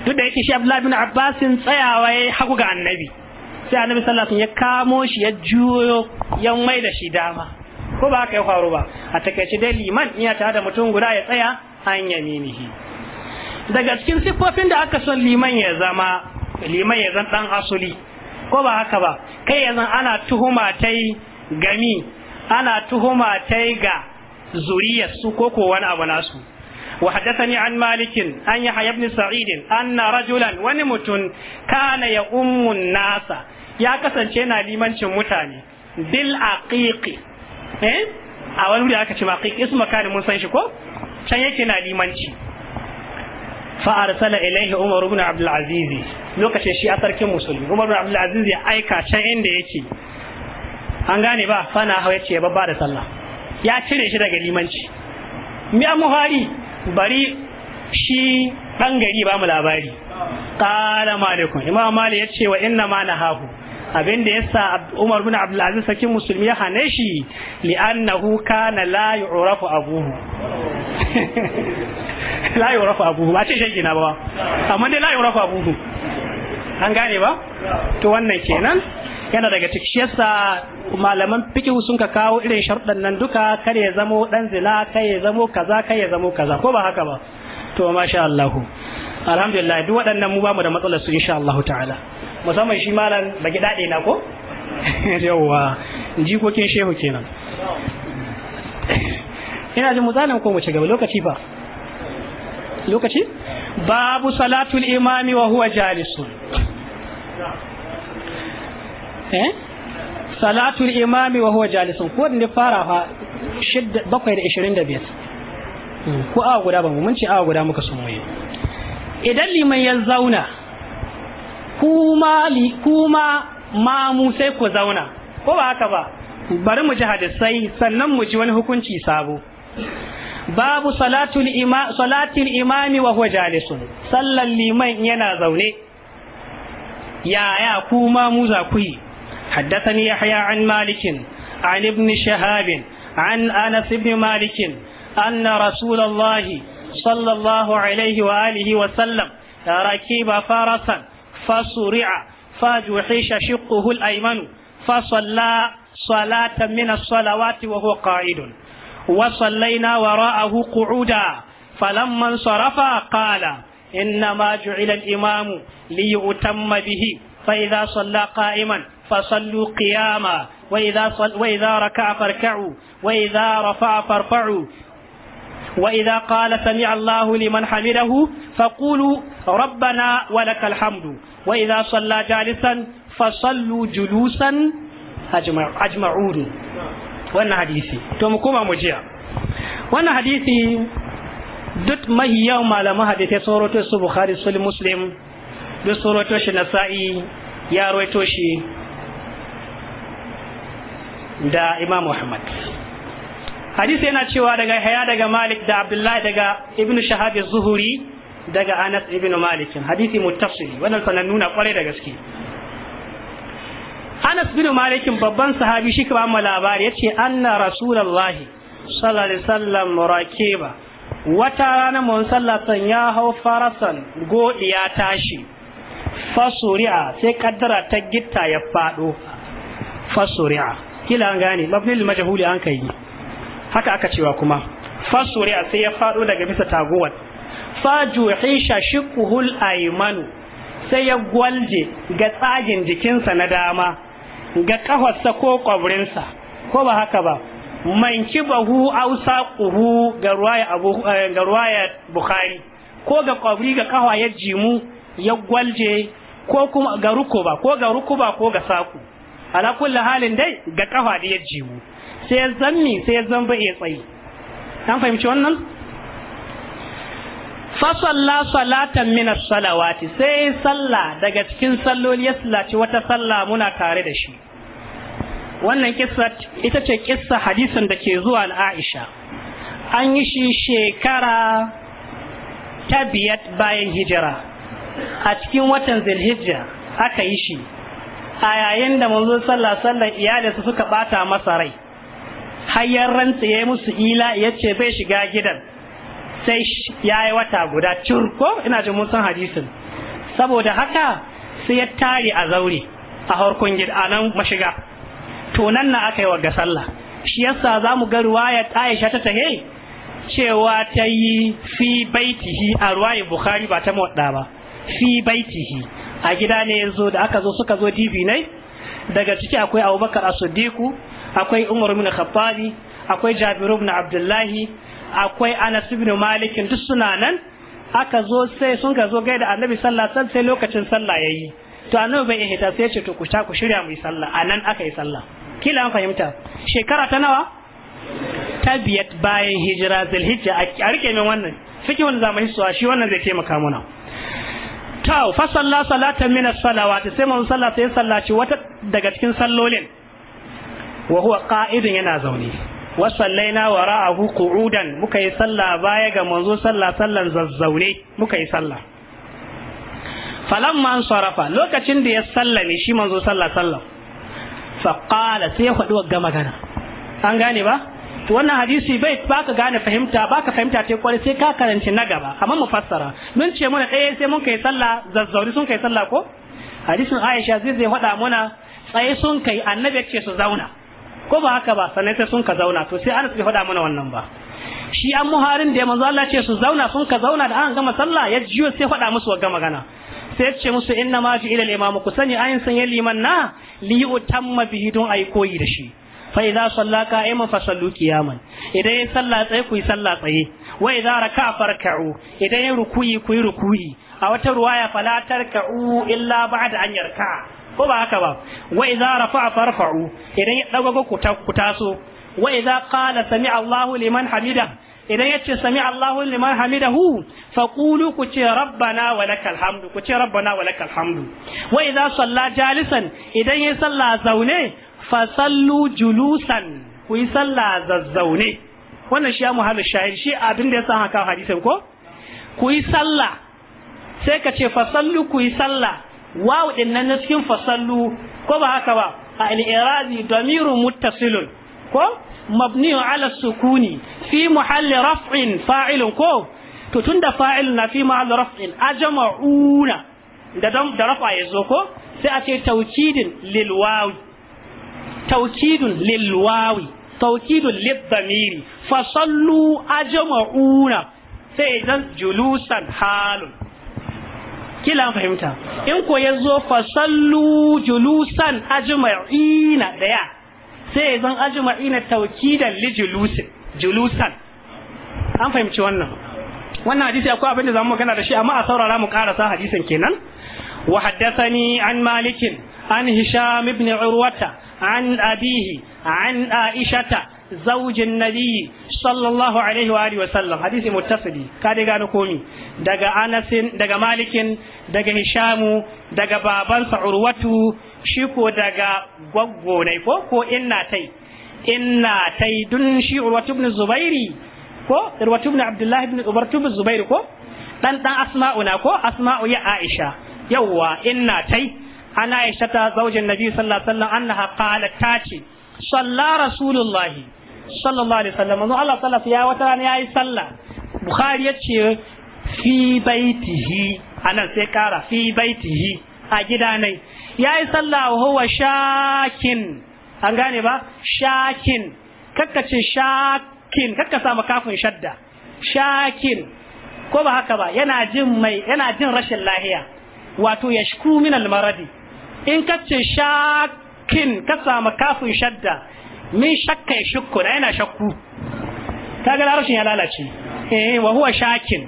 duk da yake shi abdullahi bin abbasin tsayawa ya hagu ga annabi sai annabi sallallahu alaihi ya kamo shi ya juyo ya mai da shi dama ko ba haka ya faru ba a takaice dai liman iya ya tada mutum guda ya tsaya an yaminihi daga cikin siffofin da aka son liman ya zama liman ya zan dan asuli ko ba haka ba kai yanzu ana tuhuma ta gami ana tuhuma ta ga zuriyar su ko ko wani abu nasu wa haddathani an malikin an yi haya ibn anna rajulan wani mutum kana ya ummun nasa ya kasance na limancin mutane bil aqiqi eh a wani wuri aka ce aqiqi isma kana mun san shi ko can yake na limanci fa arsala ilaihi umar bin abdul lokacin shi a sarkin musulmi umar bin abdul ya aika can inda yake an gane ba fana ya yace babba da sallah ya cire shi daga limanci mi muhari bari shi dan gari ba mu labari qala malikun imam ya ce wa inna ma nahahu abin da sa Umar bin Abdul Aziz sakin musulmi ya hane shi li'annahu kana la yu'rafu abuhu la yu'rafu abuhu ba ce shi na ba amma dai la yu'rafu abuhu an gane ba to wannan kenan yana daga ciki yasa malaman fiqh sun ka kawo irin sharɗan nan duka kar ya zamo dan zina kai ya zamo kaza kai ya zamo kaza ko ba haka ba to masha Allah alhamdulillah duk waɗannan mu ba mu da matsalar su insha Allah ta'ala musamman shi malam gida dade na ko yawa jikokin shehu kenan ina jin misalin ko mu ci gaba lokaci fa lokaci babu salatul imami wa huwa jalisun eh salatul imami wa huwa jalisun ko da fara fa shidda bakwai da biyar. Hmm, ko awa guda ba mun ce awa guda muka sun idan liman ya zauna kuma kuma mamu sai ku zauna ko ba haka ba bari mu ji hadisai sannan mu ji wani hukunci sabo babu salatul ima salatul imami wa huwa jalisun sallan liman yana zaune ya ya kuma mu za ku yi حدثني يحيى an مالك an ابن شهاب an انس بن مالك ان رسول الله صلى الله عليه وآله وسلم ركب فرسا فسرع فجحش شقه الأيمن فصلى صلاة من الصلوات وهو قائد وصلينا وراءه قعودا فلما انصرف قال إنما جعل الإمام ليؤتم به فإذا صلى قائما فصلوا قياما وإذا, صل وإذا ركع فاركعوا وإذا رفع فارفعوا وإذا قال سمع الله لمن حمده فقولوا ربنا ولك الحمد وإذا صلى جالسا فصلوا جلوسا أجمع أجمعون wannan hadisi to mu mu jiya wannan hadisi duk mai yawan malaman hadisai sun roto su bukhari sul muslim duk sun ya roto da imam muhammad hadisi yana cewa daga haya daga malik da abdullahi daga ibn shahab zuhuri daga anas ibn malik hadisi muttasili wannan sanan nuna kwarai da gaske anas ibn malik babban sahabi shi ka mu labari yace anna rasulullahi sallallahu alaihi wasallam murakiba wata rana mun sallatan ya hau farasan ya tashi fasuri'a sai kaddara ta gitta ya fado fasuri'a kila an gane mabnil majhuli an kai haka aka cewa kuma fasuri sai ya faɗo daga bisa taguwar fajuhisha shiqhul aymanu sai ya gwalje ga tsagin jikinsa na dama ga kafarsa ko kwabrinsa ko ba haka ba man kibahu aw saquhu ga ruwaya abu eh, ga ruwaya bukhari ko ga kwabri ga kafa ya jimu ya gwalje ko kuma ga rukuba ko ga rukuba ko ga saku ala kulli halin dai ga kafa da ya sai ya zanni sai ya zan ya tsayi an fahimci wannan fasalla salatan min salawati sai sallah daga cikin salloli ya sallaci wata sallah muna tare da shi wannan kissa ita ce kissa hadisin da ke zuwa Aisha an yi shi shekara ta biyar bayan hijira a cikin watan zilhijja aka yi shi a yayin da manzo sallah sallan iyalinsa suka bata masa rai har ya rantsa ya musu ila ya ce bai shiga gidan sai ya yi wata guda curko ina jin musan hadisin saboda haka sai ya tare a zaure a harkon gida a nan mashiga to nan na aka yi wa sallah shi yasa za mu ga ruwayar aisha ta tahe cewa ta yi fi baitihi a ruwayar bukhari ba ta mawadda ba fi baitihi a gida ne ya zo da aka zo suka zo dibi ne daga ciki akwai abubakar as akwai Umar ibn Khattabi akwai Jabir ibn Abdullahi akwai Anas ibn Malik duk suna nan aka zo sai sun ka zo da Annabi sallallahu alaihi wasallam sai lokacin sallah yayi to Annabi bai ihita sai ce to ku ta ku shirya mu yi sallah anan aka yi sallah kila an fahimta shekara ta nawa ta biyat bayan hijira zulhijja a rike min wannan wani zamani suwa shi wannan zai taimaka mana to fa sallah salatan min as-salawati sai mun sallah sai sallaci wata daga cikin sallolin wa huwa qa'idun yana zaune wa sallaina wara'ahu qu'udan muka yi sallah baya ga manzo sallah sallan zazzaune muka yi sallah falamma an sarafa lokacin da ya sallame shi manzo sallah sallah fa qala sai ya faɗi wa magana an gane ba to wannan hadisi bai baka gane fahimta baka fahimta ta kwari sai ka karanci na gaba amma mu fassara mun ce muna ɗaya sai mun kai sallah zazzauri sun kai sallah ko hadisin Aisha zai zai faɗa muna tsaye sun kai annabi ya ce su zauna ko ba haka ba sannan sai sun ka zauna to sai Anas bai faɗa mana wannan ba shi an muharin da manzo Allah ce su zauna sun ka zauna da an gama sallah ya jiyo sai faɗa musu wa gama magana sai ya ce musu inna ma fi ila al-imam ku sani ayin san ya liman na li utamma bihi don ayi koyi da shi fa idza salla qa'iman fa sallu qiyaman idan ya salla tsaye ku yi salla tsaye wa idza raka'a farka'u idan ya rukuyi ku yi rukuyi a wata ruwaya fala tarka'u illa ba'da an yarka'a ko ba haka ba wa idza rafa'a farfa'u idan ya dago ku ta ku taso wa idza qala sami'a Allahu liman hamida idan yace sami'a Allahu liman hamidahu faqulu ku ce rabbana wa lakal hamdu ku ce rabbana wa lakal hamdu wa idza salla jalisan idan ya salla zaune fa sallu julusan ku yi salla zazzaune wannan shi ya muhallu shahid shi abin da ya sa haka hadisin ko ku yi salla sai ka ce fa sallu ku yi salla واو دينن نسكين فصلوا كما هكذا الإرادة ضمير متصل كو مبني على السكون في محل رفع فاعل كو تتون فاعل فاعلنا في محل رفع أجمعون دا, دم دا رفع يزوكو سأتي توكيد للواو توكيد للواو توكيد للضمير فصلوا أجمعون سيدا جلوسا حالٌ kila fahimta in ko ya zo fasallu julusan ajma'ina daya sai ya zan ajma'ina taukidan li julusin julusan an fahimci wannan wannan hadisi akwai abin da zamu magana da shi amma a saurara mu karasa hadisin kenan wa haddathani an malikin an hisham ibn urwata an abihi an aishata zaujin nabi sallallahu alaihi wa malikin daga hishamu babansa urwatu shi ko daga gwaggo ne ko ko inna tai inna ta zaujin salla sallallahu alaihi wasallam manzo Allah sallallahu ya wata rana yayi sallah bukhari yace fi baitihi anan sai kara fi baitihi a gidanai yayi sallah wa huwa shakin an gane ba shakin kakkace shakin kakka sa kafin shadda shakin ko ba haka ba yana jin mai yana jin rashin lahiya wato yashku min almaradi in kace shakin ka sa kafin shadda min shakka ya shukku na yana shakku Ta kaga harshen ya lalace eh wa huwa shakin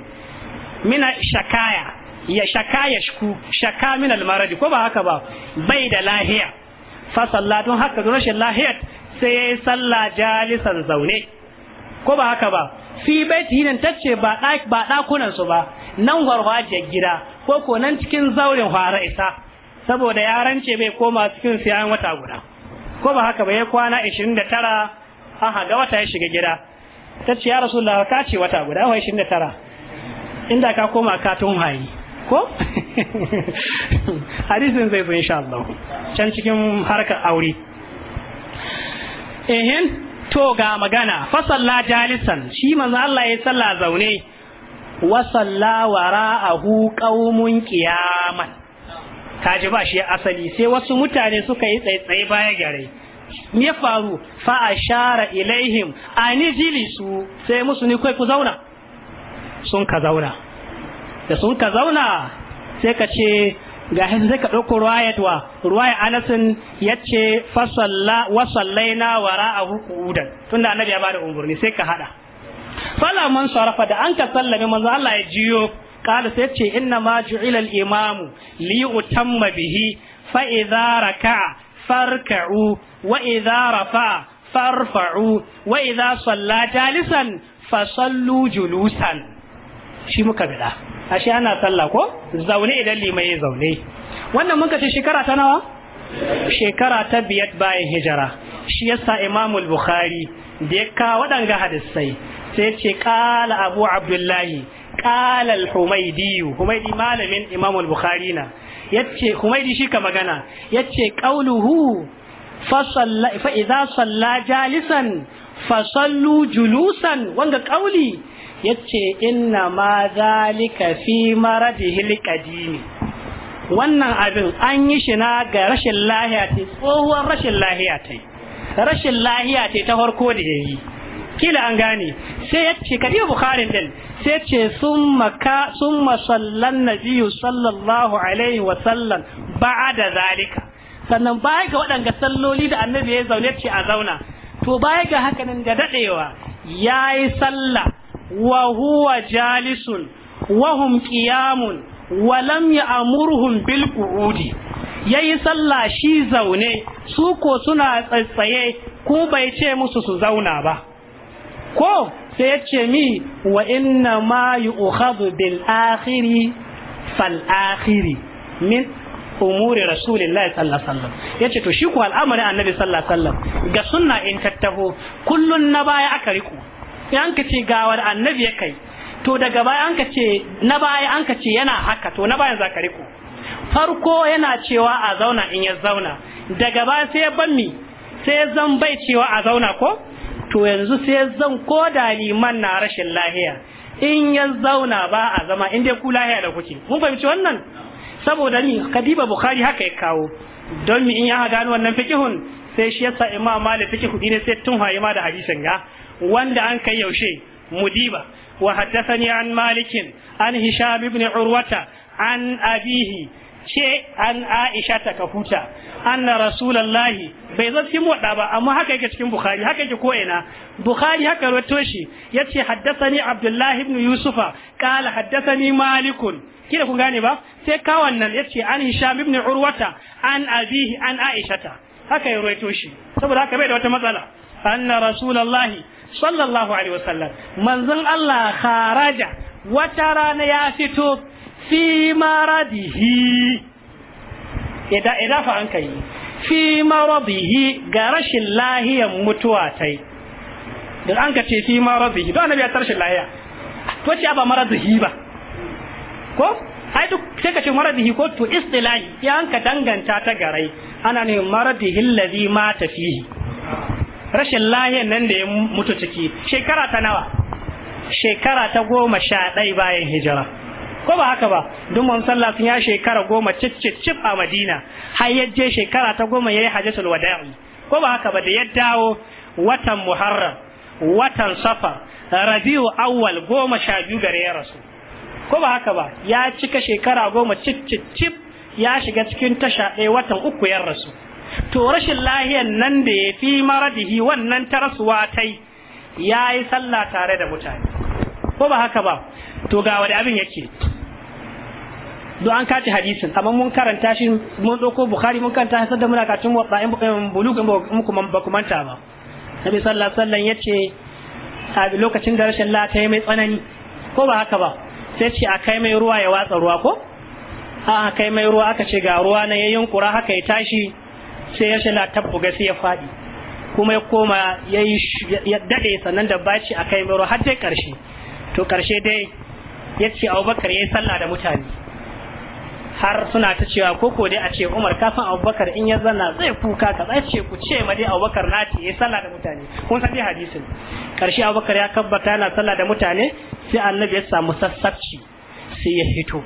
mina shakaya ya shaka ya shku shaka min almaradi ko ba haka ba bai da lahiya fa sallatun haka don rashin lahiya sai yayi sallah jalisan zaune ko ba haka ba fi baiti nan tace ba ɗaki ba ɗakunan su ba nan gwarwajiyar gida ko ko nan cikin zaurin fara isa saboda yaran ce bai koma cikin siyan wata guda ko ba haka ba ya kwana 29 aha ga wata ya shiga gida ta ce ya rasulullah ka ce wata guda wa 29 inda ka koma ka tun hayi ko hadisin zai zo insha Allah can cikin harkar aure ehin to ga magana fa salla jalisan shi manzo Allah ya salla zaune wa salla wara'ahu qaumun kaji ba shi asali sai wasu mutane suka yi tsaitsaye baya gare me fa faru fa ashara ilaihim ani jilisu sai musu ni kai ku zauna sun ka zauna da sun ka zauna sai ka ce ga hin sai ka dauko ruwayat wa ruwaya anasin yace fa salla wa sallaina wara'ahu qudan tunda annabi ya bada umurni sai ka hada fala man sarafa da anka ka sallame manzo Allah ya jiyo قال سيتشي إنما جعل الإمام ليؤتم به فإذا ركع فاركعوا وإذا رفع فارفعوا وإذا صلى جالسا فصلوا جلوسا shi muka gada ashe ana sallah ko zaune idan limai ya zaune wannan muka shekara ta nawa shekara ta biyar bayan hijira shi yasa imamu bukhari da ya kawo waɗanga hadisai sai ce kala abu abdullahi qala al-humaydi humaydi malamin imam al-bukhari na yace humaydi shi ka magana yace qauluhu fa salla fa idza salla jalisan fa sallu julusan wanga qauli yace inna ma zalika fi maradihi al-qadimi wannan abin an yi shi na ga rashin lahiya ta tsohuwar rashin lahiya ta rashin lahiya ta ta farko da yayi kila an gane sai ya ce kadi bukharin din sai ce sun masallan summa nabiyyu sallallahu alaihi wa sallam da zalika sannan baya ga waɗanga salloli da annabi ya zaune ce a zauna to baya ga haka da dadewa yayi sallah wa huwa jalisun wa hum qiyamun wa lam ya'murhum bil qu'udi yayi sallah shi zaune su ko suna tsatsaye ko bai ce musu su zauna ba ko sai ya ce mi wa inna ma yu'khadhu bil akhiri fal akhiri min umuri rasulillahi sallallahu alaihi wasallam yace to shi ku al'amari annabi sallallahu alaihi wasallam ga sunna in tattaho kullun na baya aka riku in ka ce gawar annabi ya kai to daga baya an ka ce na baya an ka ce yana haka to na bayan ka riku. farko yana cewa a zauna in ya zauna daga baya sai ya ban mi sai ya zan bai cewa a zauna ko to yanzu sai zan ko da liman na rashin lahiya in ya zauna ba a zama in dai ku lahiya da kuke mun fahimci wannan saboda ni kadiba bukhari haka ya kawo don mi in ya gano wannan fikihun sai shi yasa imam malik fikihu ne sai tun hayi ma da hadisin ga wanda an kai yaushe mudiba wa hadathani an malikin an hisham ibn urwata an abihi ce an aisha ta kafuta anna rasulullahi bai zo cikin wadda ba amma haka yake cikin bukhari haka yake ko'ina bukhari haka rawaito shi yace haddathani abdullahi ibn yusufa qala haddathani malikun kida kun gane ba sai ka wannan yace an hisham ibn urwata an abihi an aishata haka ya rawaito shi saboda haka bai da wata matsala anna rasulullahi sallallahu alaihi wasallam manzon Allah kharaja wata rana ya fito fi maradihi idafa an kai fi maradihi ga rashin lahiyan mutuwa tai da an ka ce fi maradihi don annabi ya tarshin lahiya to ce ba maradihi ba ko ai duk sai ka ce maradihi ko to istilahi ya an ka danganta ta garai ana ne maradihi allazi mata fihi rashin lahiyan nan da ya mutu ciki shekara ta nawa shekara ta goma sha ɗaya bayan hijira ko ba haka ba duk mun sallah sun ya shekara goma cif cif a Madina har ya je shekara ta goma yayi hajjatul wada'i ko ba haka ba da ya dawo watan Muharram watan Safar Rabiu awwal goma sha biyu gare ya rasu ko ba haka ba ya cika shekara goma cif cif ya shiga cikin tasha ɗaya watan uku ya rasu to rashin lahiyan nan da ya fi maradihi wannan ta rasuwa tai ya yi sallah tare da mutane ko ba haka ba to ga wani abin yake do an kaci hadisin amma mun karanta shi mun dauko bukhari mun karanta sai da muna kacin wadda in bulug in kuma ba kuma ta ba nabi sallallahu alaihi wasallam yace a lokacin da rashin lafiya mai tsanani ko ba haka ba sai ce a kai mai ruwa ya watsa ruwa ko a kai mai ruwa aka ce ga ruwa na yayin kura haka ya tashi sai ya shala ga sai ya fadi kuma ya koma ya dade sannan da baci a kai mai ruwa har dai karshe to karshe dai Ya ce Abubakar ya yi sallah da mutane har suna ta cewa koko dai a ce Umar kafin Abubakar in ya zana zai kuka ka zai ce ku ce ma dai Abubakar na ce yi sallah da mutane kun san dai hadisin karshe Abubakar ya kabbata yana sallah da mutane sai Annabi ya samu sassabci sai ya hito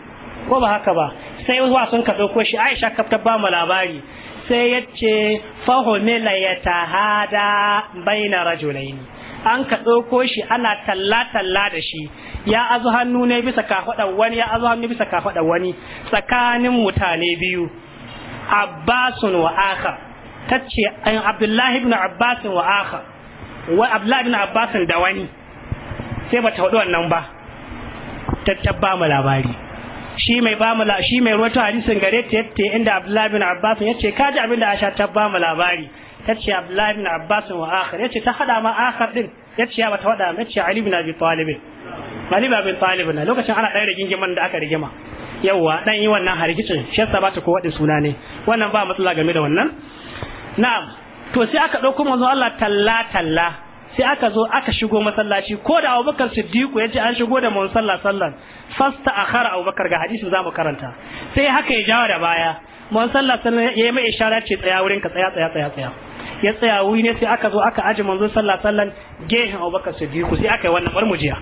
ko ba haka ba sai wa sun ka ɗauko shi Aisha kafta ba mu labari sai ya ce fahimila ya tahada baina rajulaini an ka ɗauko shi ana talla-talla da shi ya azu hannu ne bisa kafaɗar wani ya azu hannu bisa kafaɗar wani tsakanin mutane biyu abbasun wa akhar tace an abdullahi ibn abbasin wa akhar wa abdullahi ibn abbasin da wani sai ba ta faɗi wannan ba tattabba mu labari shi mai ba mu shi mai ruwato hadisin gare ta yace inda abdullahi ibn abbasin yace kaji abin da aisha ba mu labari tace abdullahi ibn abbasin wa akhar yace ta hada ma akhar din yace ya bata faɗa yace ali ibn abi talib bali babin bin na lokacin ana ɗaya gingiman da aka rigima yauwa dan yi wannan hargitsin shi ba ta ko wadin suna ne wannan ba matsala game da wannan na'am to sai aka ɗauko manzo Allah talla talla sai aka zo aka shigo masallaci ko da Abubakar Siddiq ya ce an shigo da manzo sallah sallan fasta akhara Abubakar ga hadisi zamu karanta sai haka ya jawo da baya manzo sallah sallan ya yi mai isharar ce tsaya wurin ka tsaya tsaya tsaya tsaya ya tsaya wuri ne sai aka zo aka aje manzo sallah sallan gehen Abubakar Siddiq sai aka yi wannan jiya.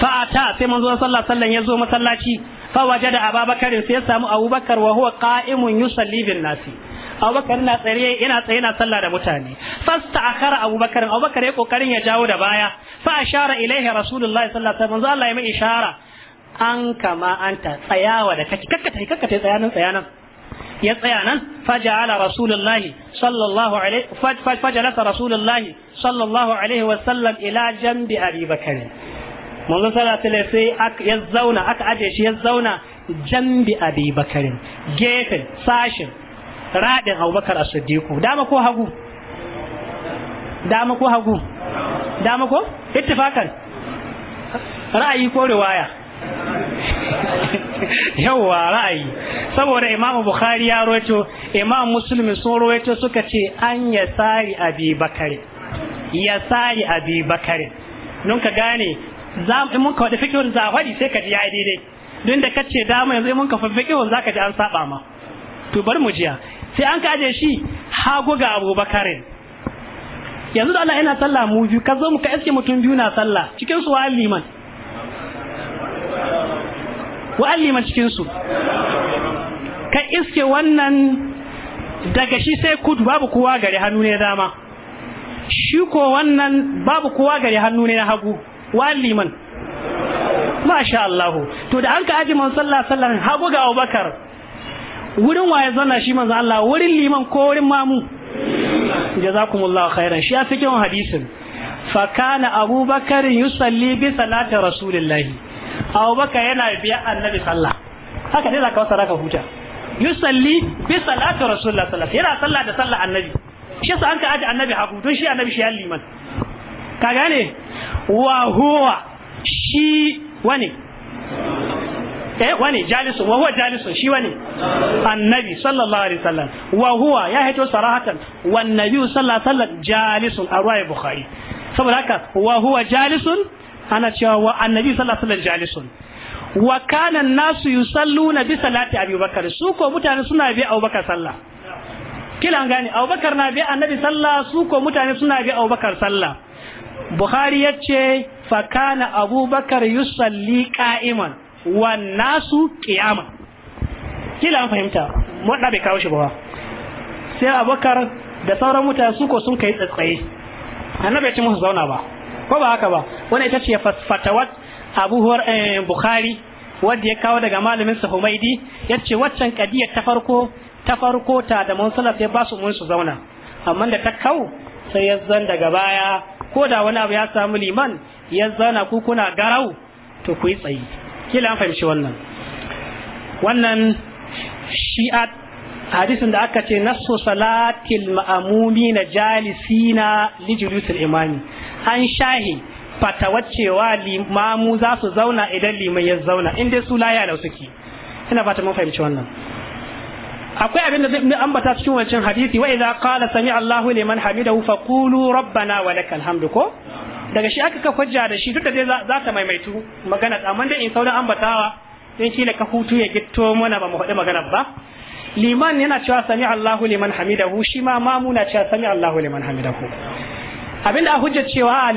fa'ata sai manzo sallallahu alaihi ya zo masallaci fa wajada ababakar sai ya samu abubakar wa huwa qa'imun yusalli bin nasi abubakar na tsaye yana tsaye yana sallah da mutane fasta akhara abubakar abubakar ya kokarin ya jawo da baya fa ashara ilaihi rasulullahi sallallahu alaihi wasallam manzo Allah ya mai ishara an kama anta tsayawa da kake kakkata kakkata tsayanan tsayanan ya tsaya nan faja'ala rasulullahi sallallahu alaihi fajalasa rasulullahi sallallahu alaihi wasallam ila jambi abubakar manzon sallallahu alaihi sai ya zauna aka aje shi ya zauna jambi abi gefen sashin radin abubakar as-siddiq dama ko hagu dama ko hagu dama ko ittifakan ra'ayi ko riwaya yawwa ra'ayi saboda imamu bukhari ya roto imam muslim sun roto suka ce an ya tsari abi bakare ya tsari abi bakare don ka gane za in mun ka wada fikihun za sai ka ji yi daidai don da kace dama yanzu mun ka fikihun za ka ji an saba ma to bari mu jiya sai an ka aje shi hagu ga abubakarin yanzu da Allah yana sallah mu biyu ka zo mu ka iske mutum biyu na sallah cikin su wa'al liman wa'al liman cikin su ka iske wannan daga shi sai kudu babu kowa gari hannu ne dama shi ko wannan babu kowa gari hannu ne na hagu wa liman masha Allah to da an ka aji man sallah sallan hagu ga Abubakar wurin waye zanna shi manzo Allah wurin liman ko wurin mamu jazakumullahu khairan shi ya a cikin hadisin fa kana Abubakar yusalli bi salati rasulillahi Abubakar yana biya annabi sallah haka dai zaka wasara ka huta yusalli bi salati rasulillahi yana sallah da sallah annabi shi sa an ka aji annabi hagu don shi annabi shi ya liman ka gane wa huwa shi wani eh wani jalisu wa huwa jalisu shi wani annabi sallallahu alaihi wasallam wa huwa ya haito sarahatan wa nabi sallallahu alaihi wasallam jalisun a ruwaya bukhari saboda haka wa huwa jalisun ana cewa wa annabi sallallahu alaihi wasallam jalisun wa kana nasu yusalluna bi salati abubakar su ko mutane suna bi abubakar sallah kila an gane abubakar na bi annabi sallah su ko mutane suna bi abubakar sallah Buhari ya ce fakana abubakar yusalli ka'iman wan nasu qiyama kila an fahimta waɗanda bai kawo shi ba sai abubakar da sauran mutane su ko sun kai tsatsaye annabi bai musu zauna ba ko ba haka ba wani ita ce fatawat abu eh, bukhari wanda ya kawo daga malamin sa humaidi ya ce waccan kadiyar ta farko ta farko ta da mun sai ba su mun su zauna amma da ta kawo sai ya zan daga baya ko da wani abu ya samu liman ya zana ku kuna garau to ku yi tsayi kila an fahimci wannan wannan shi'at hadisin da aka ce nasu salatil ma'amumi na jalisina lijulusul imami an shahi fatawacewa limamu za su zauna idan liman ya zauna inda dai su laya da suke ina fata mun fahimci wannan akwai abin da zai ambata cikin wancan hadisi wa idza qala sami Allahu liman hamidahu fa rabbana wa lakal hamdu ko daga shi aka kafajja da shi duka dai za ta maimaitu magana amma dai in sauran ambatawa dan kila ka hutu ya gitto mana ba mu faɗi magana ba liman yana cewa sami Allahu liman hamidahu shi ma mamuna cewa sami Allahu liman hamidahu abinda a hujja cewa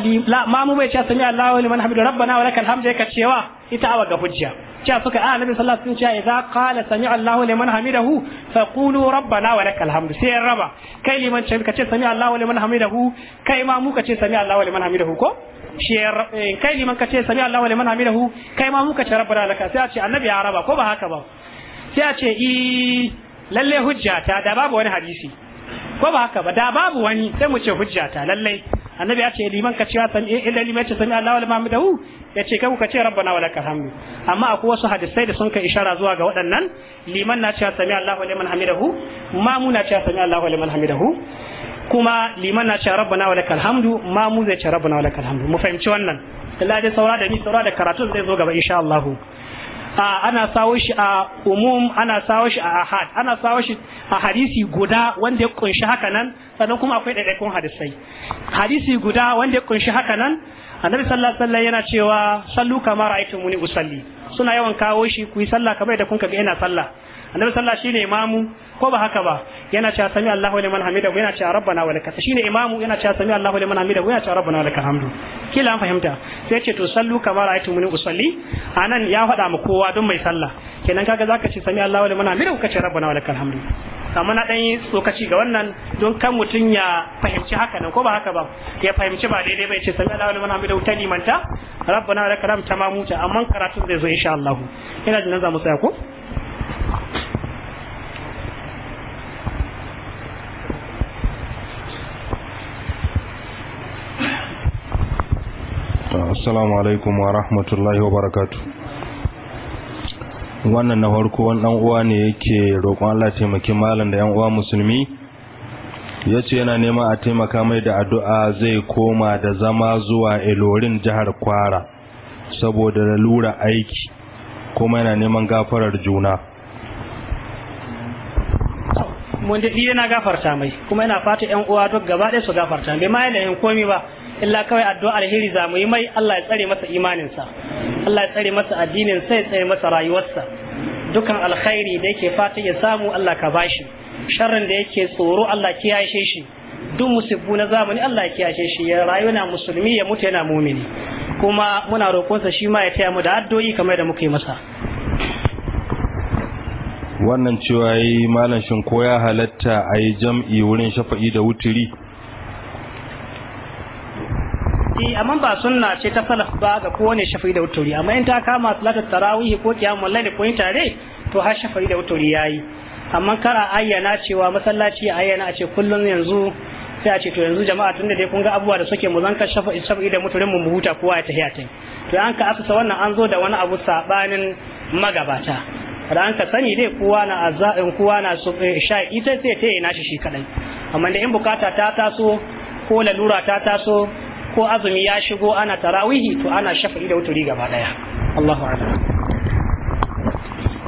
mamu bai cewa sami Allahu liman hamidu rabbana wa lakal hamdu yake cewa ita awa ga hujja cewa suka a ah, annabi sallallahu alaihi wasallam idza qala sami Allahu liman hamidahu faqulu rabbana wa lakal hamdu sai ya raba kai liman ce ka sami Allahu liman hamidahu kai ma mu ka ce sami Allahu liman hamidahu ko shi eh, kai liman ka ce sami Allahu liman hamidahu kai ma mu ka ce rabbana lakal sai a ce annabi ya raba ko ba haka ba sai a ce i lalle hujjata da babu wani hadisi ko ba haka ba da babu wani sai mu ce hujjata lallai annabi ya ce liman ka cewa sami eh, illa liman ce sami Allahu liman hamidahu ya ce kai ku ce rabbana wa lakal hamdu amma akwai wasu hadisai da sun kai ishara zuwa ga waɗannan liman na cewa sami Allahu liman hamidahu mamu na cewa sami Allahu liman hamidahu kuma liman na cewa rabbana wa lakal hamdu mamu zai ce rabbana wa lakal hamdu mu fahimci wannan Allah dai saura da ni saura da karatu zai zo gaba insha Allah ana sawo shi a umum ana sawo shi a ahad ana sawo shi a hadisi guda wanda ya kunshi haka nan sannan kuma akwai ɗaiɗaikun hadisai hadisi guda wanda ya kunshi haka nan annabi sallallahu alaihi wasallam yana cewa sallu kama ra'aytumuni usalli suna yawan kawo shi ku yi sallah kamar da kun kaga ina sallah annabi sallah shine imamu ko ba haka ba yana cewa sami Allahu liman hamida yana cewa rabbana wa lakal shine imamu yana cewa sami Allahu liman hamida yana cewa rabbana wa lakal hamdu kila an fahimta sai ce to sallu kama min usalli anan ya faɗa mu kowa don mai sallah kenan kaga zaka ce sami Allahu liman hamida ka ce rabbana wa lakal hamdu amma na ɗan tsokaci ga wannan don kan mutum ya fahimci haka nan ko ba haka ba ya fahimci ba daidai bai ce sami Allahu liman hamida ta limanta rabbana wa lakal hamdu tamamuta amma karatun zai zo insha Allah ina jin nan za mu tsaya ko assalamu alaikum wa rahmatullahi wa barakatu wannan na farko wani ɗan uwa ne yake roƙon Allah taimaki malam da yan uwa musulmi yace yana nema a taimaka mai da addu'a zai koma da zama zuwa Ilorin jihar Kwara saboda lalura aiki kuma yana neman gafarar juna mun dadi yana gafarta mai kuma yana fata yan uwa duk gaba ɗaya su gafarta mai ma yana yin komi ba illa kawai addu'a alheri za mu yi mai Allah ya tsare masa imaninsa Allah ya tsare masa addinin sai ya tsare masa rayuwarsa dukan alkhairi da yake fata ya samu Allah ka bashi sharrin da yake tsoro Allah kiyashe shi duk musibbu na zamani Allah ya kiyashe shi ya rayu na musulmi ya mutu yana mumini kuma muna roƙonsa shi ma ya taya mu da addu'o'i kamar da muke masa wannan cewa yi malam shin ya halatta a yi jam'i wurin shafa'i da wuturi salati amma ba sunna ce ta salaf ba ga kowane shafi da wuturi amma in ta kama salatar tarawih ko kiyamul layl ko yin tare to har shafi da wuturi yayi amma kara ayyana cewa masallaci ayyana a ce kullun yanzu sai a ce to yanzu jama'a tunda dai kun ga abuwa da suke mu zanka shafa shafi da muturin mu huta kowa ya tahiya tai to an ka asusa wannan an zo da wani abu sabanin magabata da an ka sani dai kowa na azza'in kowa na eh, shai ita sai ta yi nashi shi kadai amma da in bukata ta taso ko lalura ta taso ko azumi ya shigo ana tarawihi to ana shafa'i da wuturi gaba daya Allahu a'lam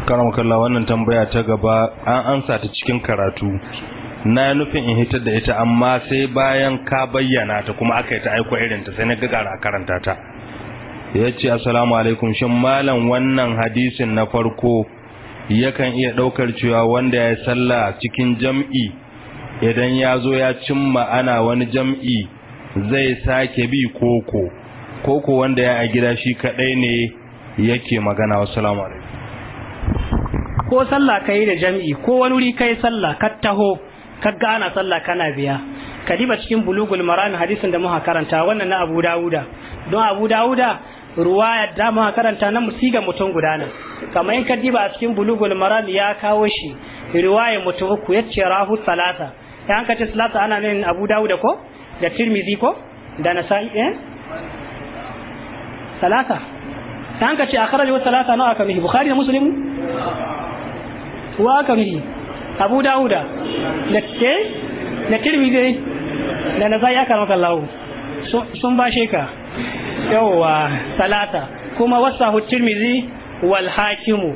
karamu kallah wannan tambaya ta gaba an ansa ta cikin karatu na nufin in hitar da ita amma sai bayan ka bayyana ta kuma aka yi ta aiko irin ta sai na gagara karanta ta yace ce assalamu alaikum shin malam wannan hadisin na farko yakan iya ɗaukar cewa wanda ya yi sallah cikin jam'i idan ya zo ya cimma ana wani jam'i zai sake bi koko koko wanda ya a gida shi kadai ne yake magana wassalamu alaikum ko sallah kai da jami'i ko wani wuri kai sallah ka taho ka gana sallah kana biya ka diba cikin bulugul maran hadisin da muka karanta wannan na Abu Dawuda don Abu Dawuda ruwaya da muka karanta na musiga mutum gudana kamar in ka diba a cikin bulugul maran ya kawo shi riwaya mutum uku yace rahu salata yan ka ce salata ana nan Abu Dawuda ko da tirmidhi ko da nasa'i eh salasa dan kace ce akhrajahu salasa nawa mihi bukhari da muslim wa mihi abu dauda da ke da tirmidhi da nasa'i aka maka lawo sun ba sheka yawa salasa kuma wasahu tirmidhi wal hakimu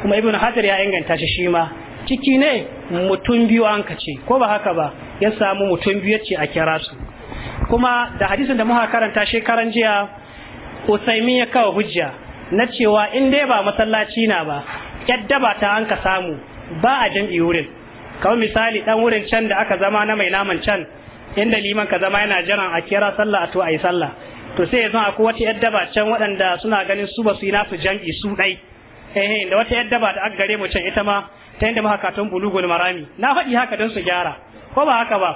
kuma ibnu hatir ya inganta shi shi ma ciki ne mutum biyu an ka ce ko ba haka ba ya samu mutum biyu ce a kira su kuma da hadisin da muka karanta shekaran jiya usaimin ya kawo hujja na cewa in dai ba masallaci na ba yadda ba ta an ka samu ba a jam'i wurin kawai misali dan wurin can da aka zama na mai naman can inda liman ka zama yana jiran a kira sallah a to a sallah to sai yanzu akwai wata yadda ba can waɗanda suna ganin su ba su yi nasu jam'i su ɗai eh da wata yadda ba da aka gare mu can ita ma ta yadda mahakatan bulugul marami na faɗi haka don su gyara ko ba haka ba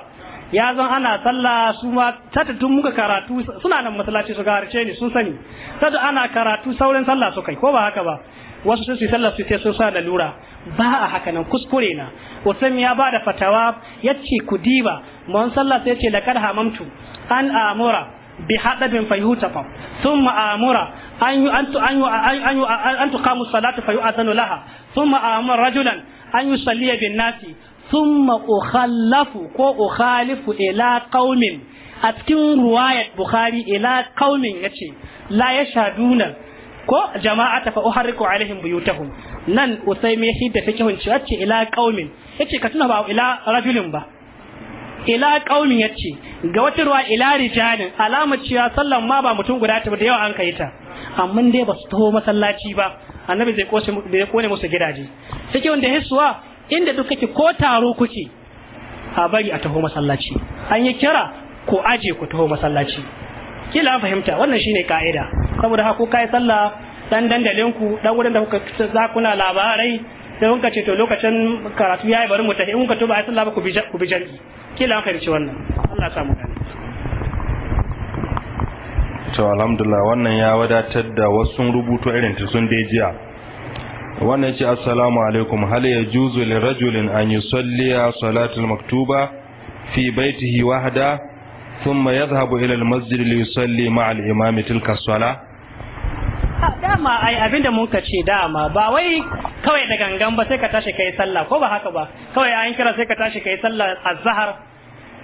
ya zan ana sallah su ma tun muka karatu suna nan masallaci su garce ni sun sani tatu ana karatu sauran sallah su kai ko ba haka ba wasu sun su sallah su sai sun sa lura ba a haka nan kuskure na wasan ya ba da fatawa ce ku diba mun sallah sai da laqad hamamtu an amura bi hadabin fa. thumma amura أن أن أن أن أن تقام الصلاة فيؤذن لها ثم أمر رجلا أن يصلي ko ثم ila كو أخالف إلى قوم أتكن رواية بخاري إلى قوم يتشي لا يشهدون ko jama'ata fa uharriku alaihim buyutahum nan usaimi ya ta fikihun ci yace ila qaumin yace ka tuna ba ila rajulin ba ila qaumin yace ga wata ruwa ila rijalin alama cewa sallan ma ba mutum guda ta da yawa an kai ta amma dai ba su taho masallaci ba annabi zai koshe da kone musu gidaje take wanda hisuwa inda duk kake ko taro kuke a bari a taho masallaci an yi kira ko aje ku taho masallaci kila an fahimta wannan shine ka'ida saboda haka ko kai sallah dan dandalin ku dan wurin da kuka za kuna labarai sai kun ce to lokacin karatu yayi bari mu tafi in kun ka to ba sallah ba ku bi ku bi jami'i kila an fahimci wannan Allah ya samu gani to alhamdulillah wannan ya wadatar da wasu rubutu irin ta sun dai jiya wannan ce assalamu alaikum hal ya juzu li rajulin an yusalliya salatul maktuba fi baitihi wahda thumma yadhhabu ila al-masjid li yusalli ma'a al-imam tilka salah dama ai abinda mun ka ce dama ba wai kawai da gangan ba sai ka tashi kai sallah ko ba haka ba kawai an kira sai ka tashi kai sallah azhar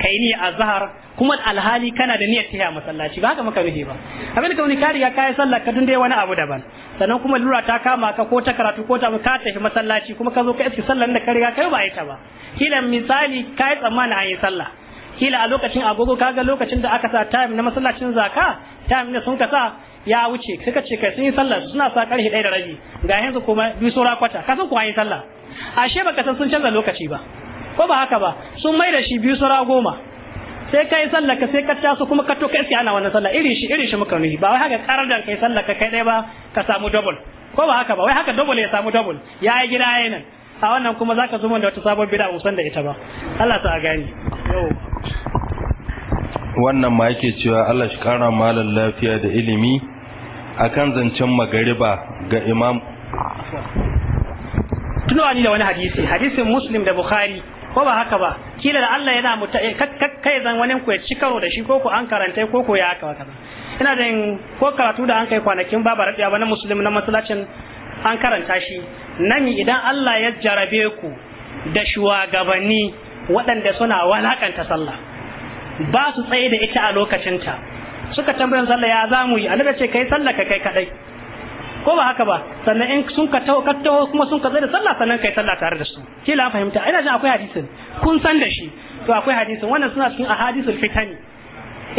kai ni a zahar kuma alhali kana da niyyar tafiya masallaci ba haka muka rufe ba abin da wani ka riga kai sallah ka tunde wani abu daban sannan kuma lura ta kama ka ko ta karatu ko ta ka tafi masallaci kuma ka zo ka iske sallar da ka riga kai ba a yi ta ba kila misali kai tsammani a yi sallah kila a lokacin agogo kaga lokacin da aka sa time na masallacin zaka time ne sun ka sa ya wuce suka ce kai sun yi sallah suna sa karfe ɗaya da rabi ga yanzu kuma biyu sura kwata ka san kuwa yi sallah ashe baka san sun canza lokaci ba ko ba haka ba sun mai da shi biyu sura goma sai kai sallah ka sai ka taso kuma ka to kai sai ana wannan sallah irin shi irin shi muka nuhi ba wai haka karar da kai sallah ka kai dai ba ka samu double ko ba haka ba wai haka double ya samu double ya yi gida yayin nan a wannan kuma zaka zo da wata sabon bid'a musan da ita ba Allah ta gani wannan ma yake cewa Allah shi kara malan lafiya da ilimi akan zancen magariba ga imam tunawa ni da wani hadisi hadisin muslim da bukhari ko ba haka ba kila da Allah yana mu eh, kai zan wani ku ya ci karo da shi ko ku an karanta ko ko ya haka kaza ina da ko karatu da an kai kwanakin baba rabiya ba na musulmi na masallacin an karanta shi nan idan Allah ya jarabe ku da shugabanni waɗanda suna walakanta sallah ba su tsaye da ita a lokacinta suka tambaye sallah ya zamu yi annabi ce kai sallah ka kai kadai ko ba haka ba sannan in sun ka taho ka taho kuma sun ka zai da sallah sannan kai sallah tare da su ke la fahimta ina jin akwai hadisin kun san da shi to akwai hadisin wannan suna cikin ahadisul fitani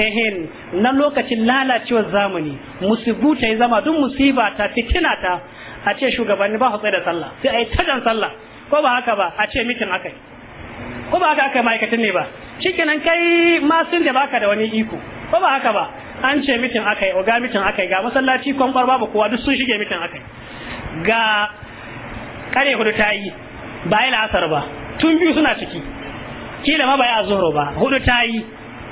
ehin na lokacin lalacewar zamani musibu ta yi zama duk musiba ta fitina ta a ce shugabanni ba su tsaye da sallah sai a yi tajan sallah ko ba haka ba a ce mitin akai ko ba haka aka ma'aikatan ne ba shikenan kai masin da baka da wani iko ko ba haka ba an ce mitin akai oga mitin akai ga masallaci kwankwar babu kowa duk sun shige mitin akai ga kare hudu ta yi ba yi la'asar ba tun biyu suna ciki kila ma ba yi azoro ba hudu ta yi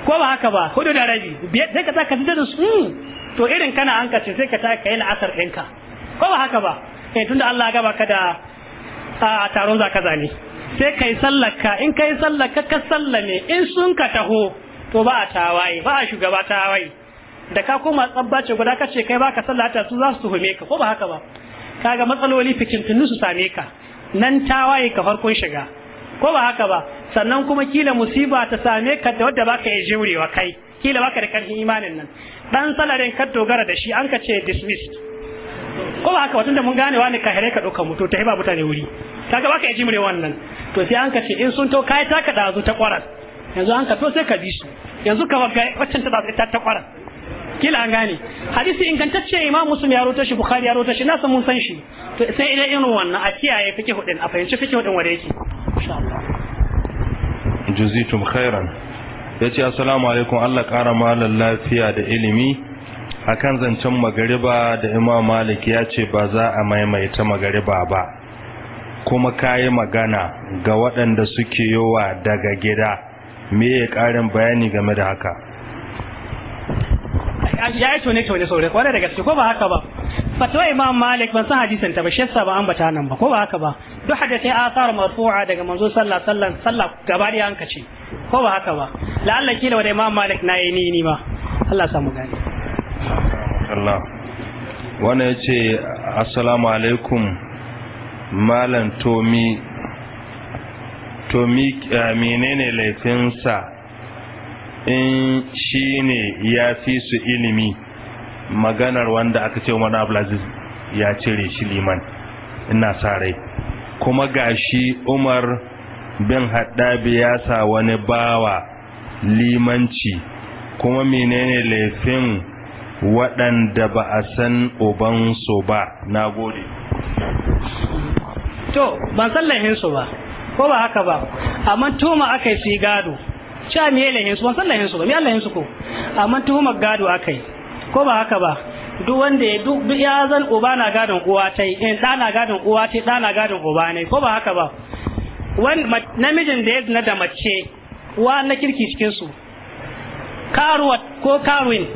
ko ba haka ba hudu da rabi biyar sai ka zaka da su hmm, to irin kana an kace sai ka ta kai la'asar ɗinka ko ba haka ba eh tunda Allah ya gaba ka da a taron zaka zane sai kai sallaka in kai sallaka ka sallame in sun ka taho to ba a tawaye ba a shugaba tawaye da ka koma tsabbace guda ka ce kai ba sallah sallata su za su tuhume ka ko ba haka ba kaga matsaloli fikintunu su same ka nan tawaye ka farkon shiga ko ba haka ba sannan kuma kila musiba ta same ka da wadda baka yi jurewa kai kila baka da karfin imanin nan dan salarin ka dogara da shi an ka ce dismissed ko ba haka watan da mun gane wani kahire ka dauka mutu ta hiba mutane wuri kaga baka yi jurewa wannan to sai an ka ce in sun to kai taka dazu ta kwaras yanzu an ka to sai ka bi su yanzu ka wagga waccan ta ta ta kwaran kila an gane hadisi ingantacce imam muslim ya rawaito shi bukhari ya rawaito shi na san mun san shi to sai idan irin wannan a kiyaye fiki hudin a fahimci fiki hudin wanda yake insha Allah jazitum khairan yace assalamu alaikum Allah kara malan lafiya da ilimi akan zancen magariba da imam malik ya ce ba za a maimaita magariba ba kuma kayi magana ga waɗanda suke yowa daga gida me ya karin bayani game da haka ya yi tone tone saurari kwarai da gaske ko ba haka ba fatuwa imam malik ban san hadisin ta ba shi yasa ba an bata nan ba ko ba haka ba duk a tsara marfu'a daga manzo sallallahu sallan wasallam gaba da yanka ce ko ba haka ba la'alla kila wa imam malik na yi ni ni ma Allah samu gani Allah wannan yace assalamu alaikum malam tomi to eh, menene laifinsa in shine ya fi su ilimi maganar wanda aka ce umar abdulaziz ya cire shi liman ina sa rai kuma gashi umar bin haddabi ya sa wani bawa limanci kuma menene laifin waɗanda ba a san ubansu ba na gode to ba san su ba ko ba haka ba amma tuhuma akai su gado cewa me lahin su ban san lahin su ba me lahin su ko amma tuma gado akai ko ba haka ba duk wanda ya duk ya zan uba na gadon uwa ta in da eh, na gadon uwa ta da na gadon uba ne ko ba haka ba wan namijin da ya zina da mace wa na kirki cikin su karuwa ko karuwin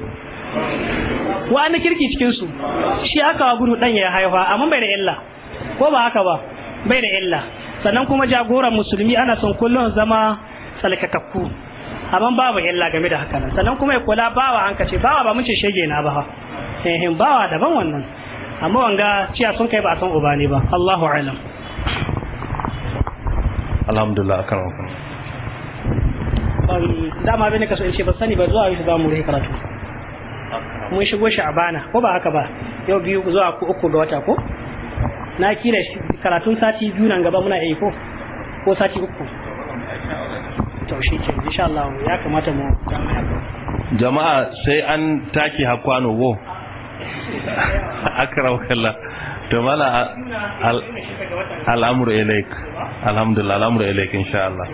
wa na kirki cikin su shi aka gudu dan ya haifa amma bai da illa ko ba haka ba bai da illa sannan kuma jagoran musulmi ana son kullum zama tsalkakakku amma babu illa game da haka sannan kuma ya kula bawa an kace bawa ba mun ce shege na ba eh bawa daban wannan amma wanga ciya sun kai ba san uba ne ba Allahu alam alhamdulillah akan Da ma bane ne kaso in ce ba sani ba zuwa yau za mu rai karatu mun shigo shi a bana ko ba haka ba yau biyu zuwa uku ga wata ko na kila karatun sati biyu nan gaba muna aiko ko sati uku to shi ke insha Allah ya kamata mu jama'a sai an take hakwano go akrau kallah to mala al'amru ilaik alhamdulillah al'amru ilaik insha Allah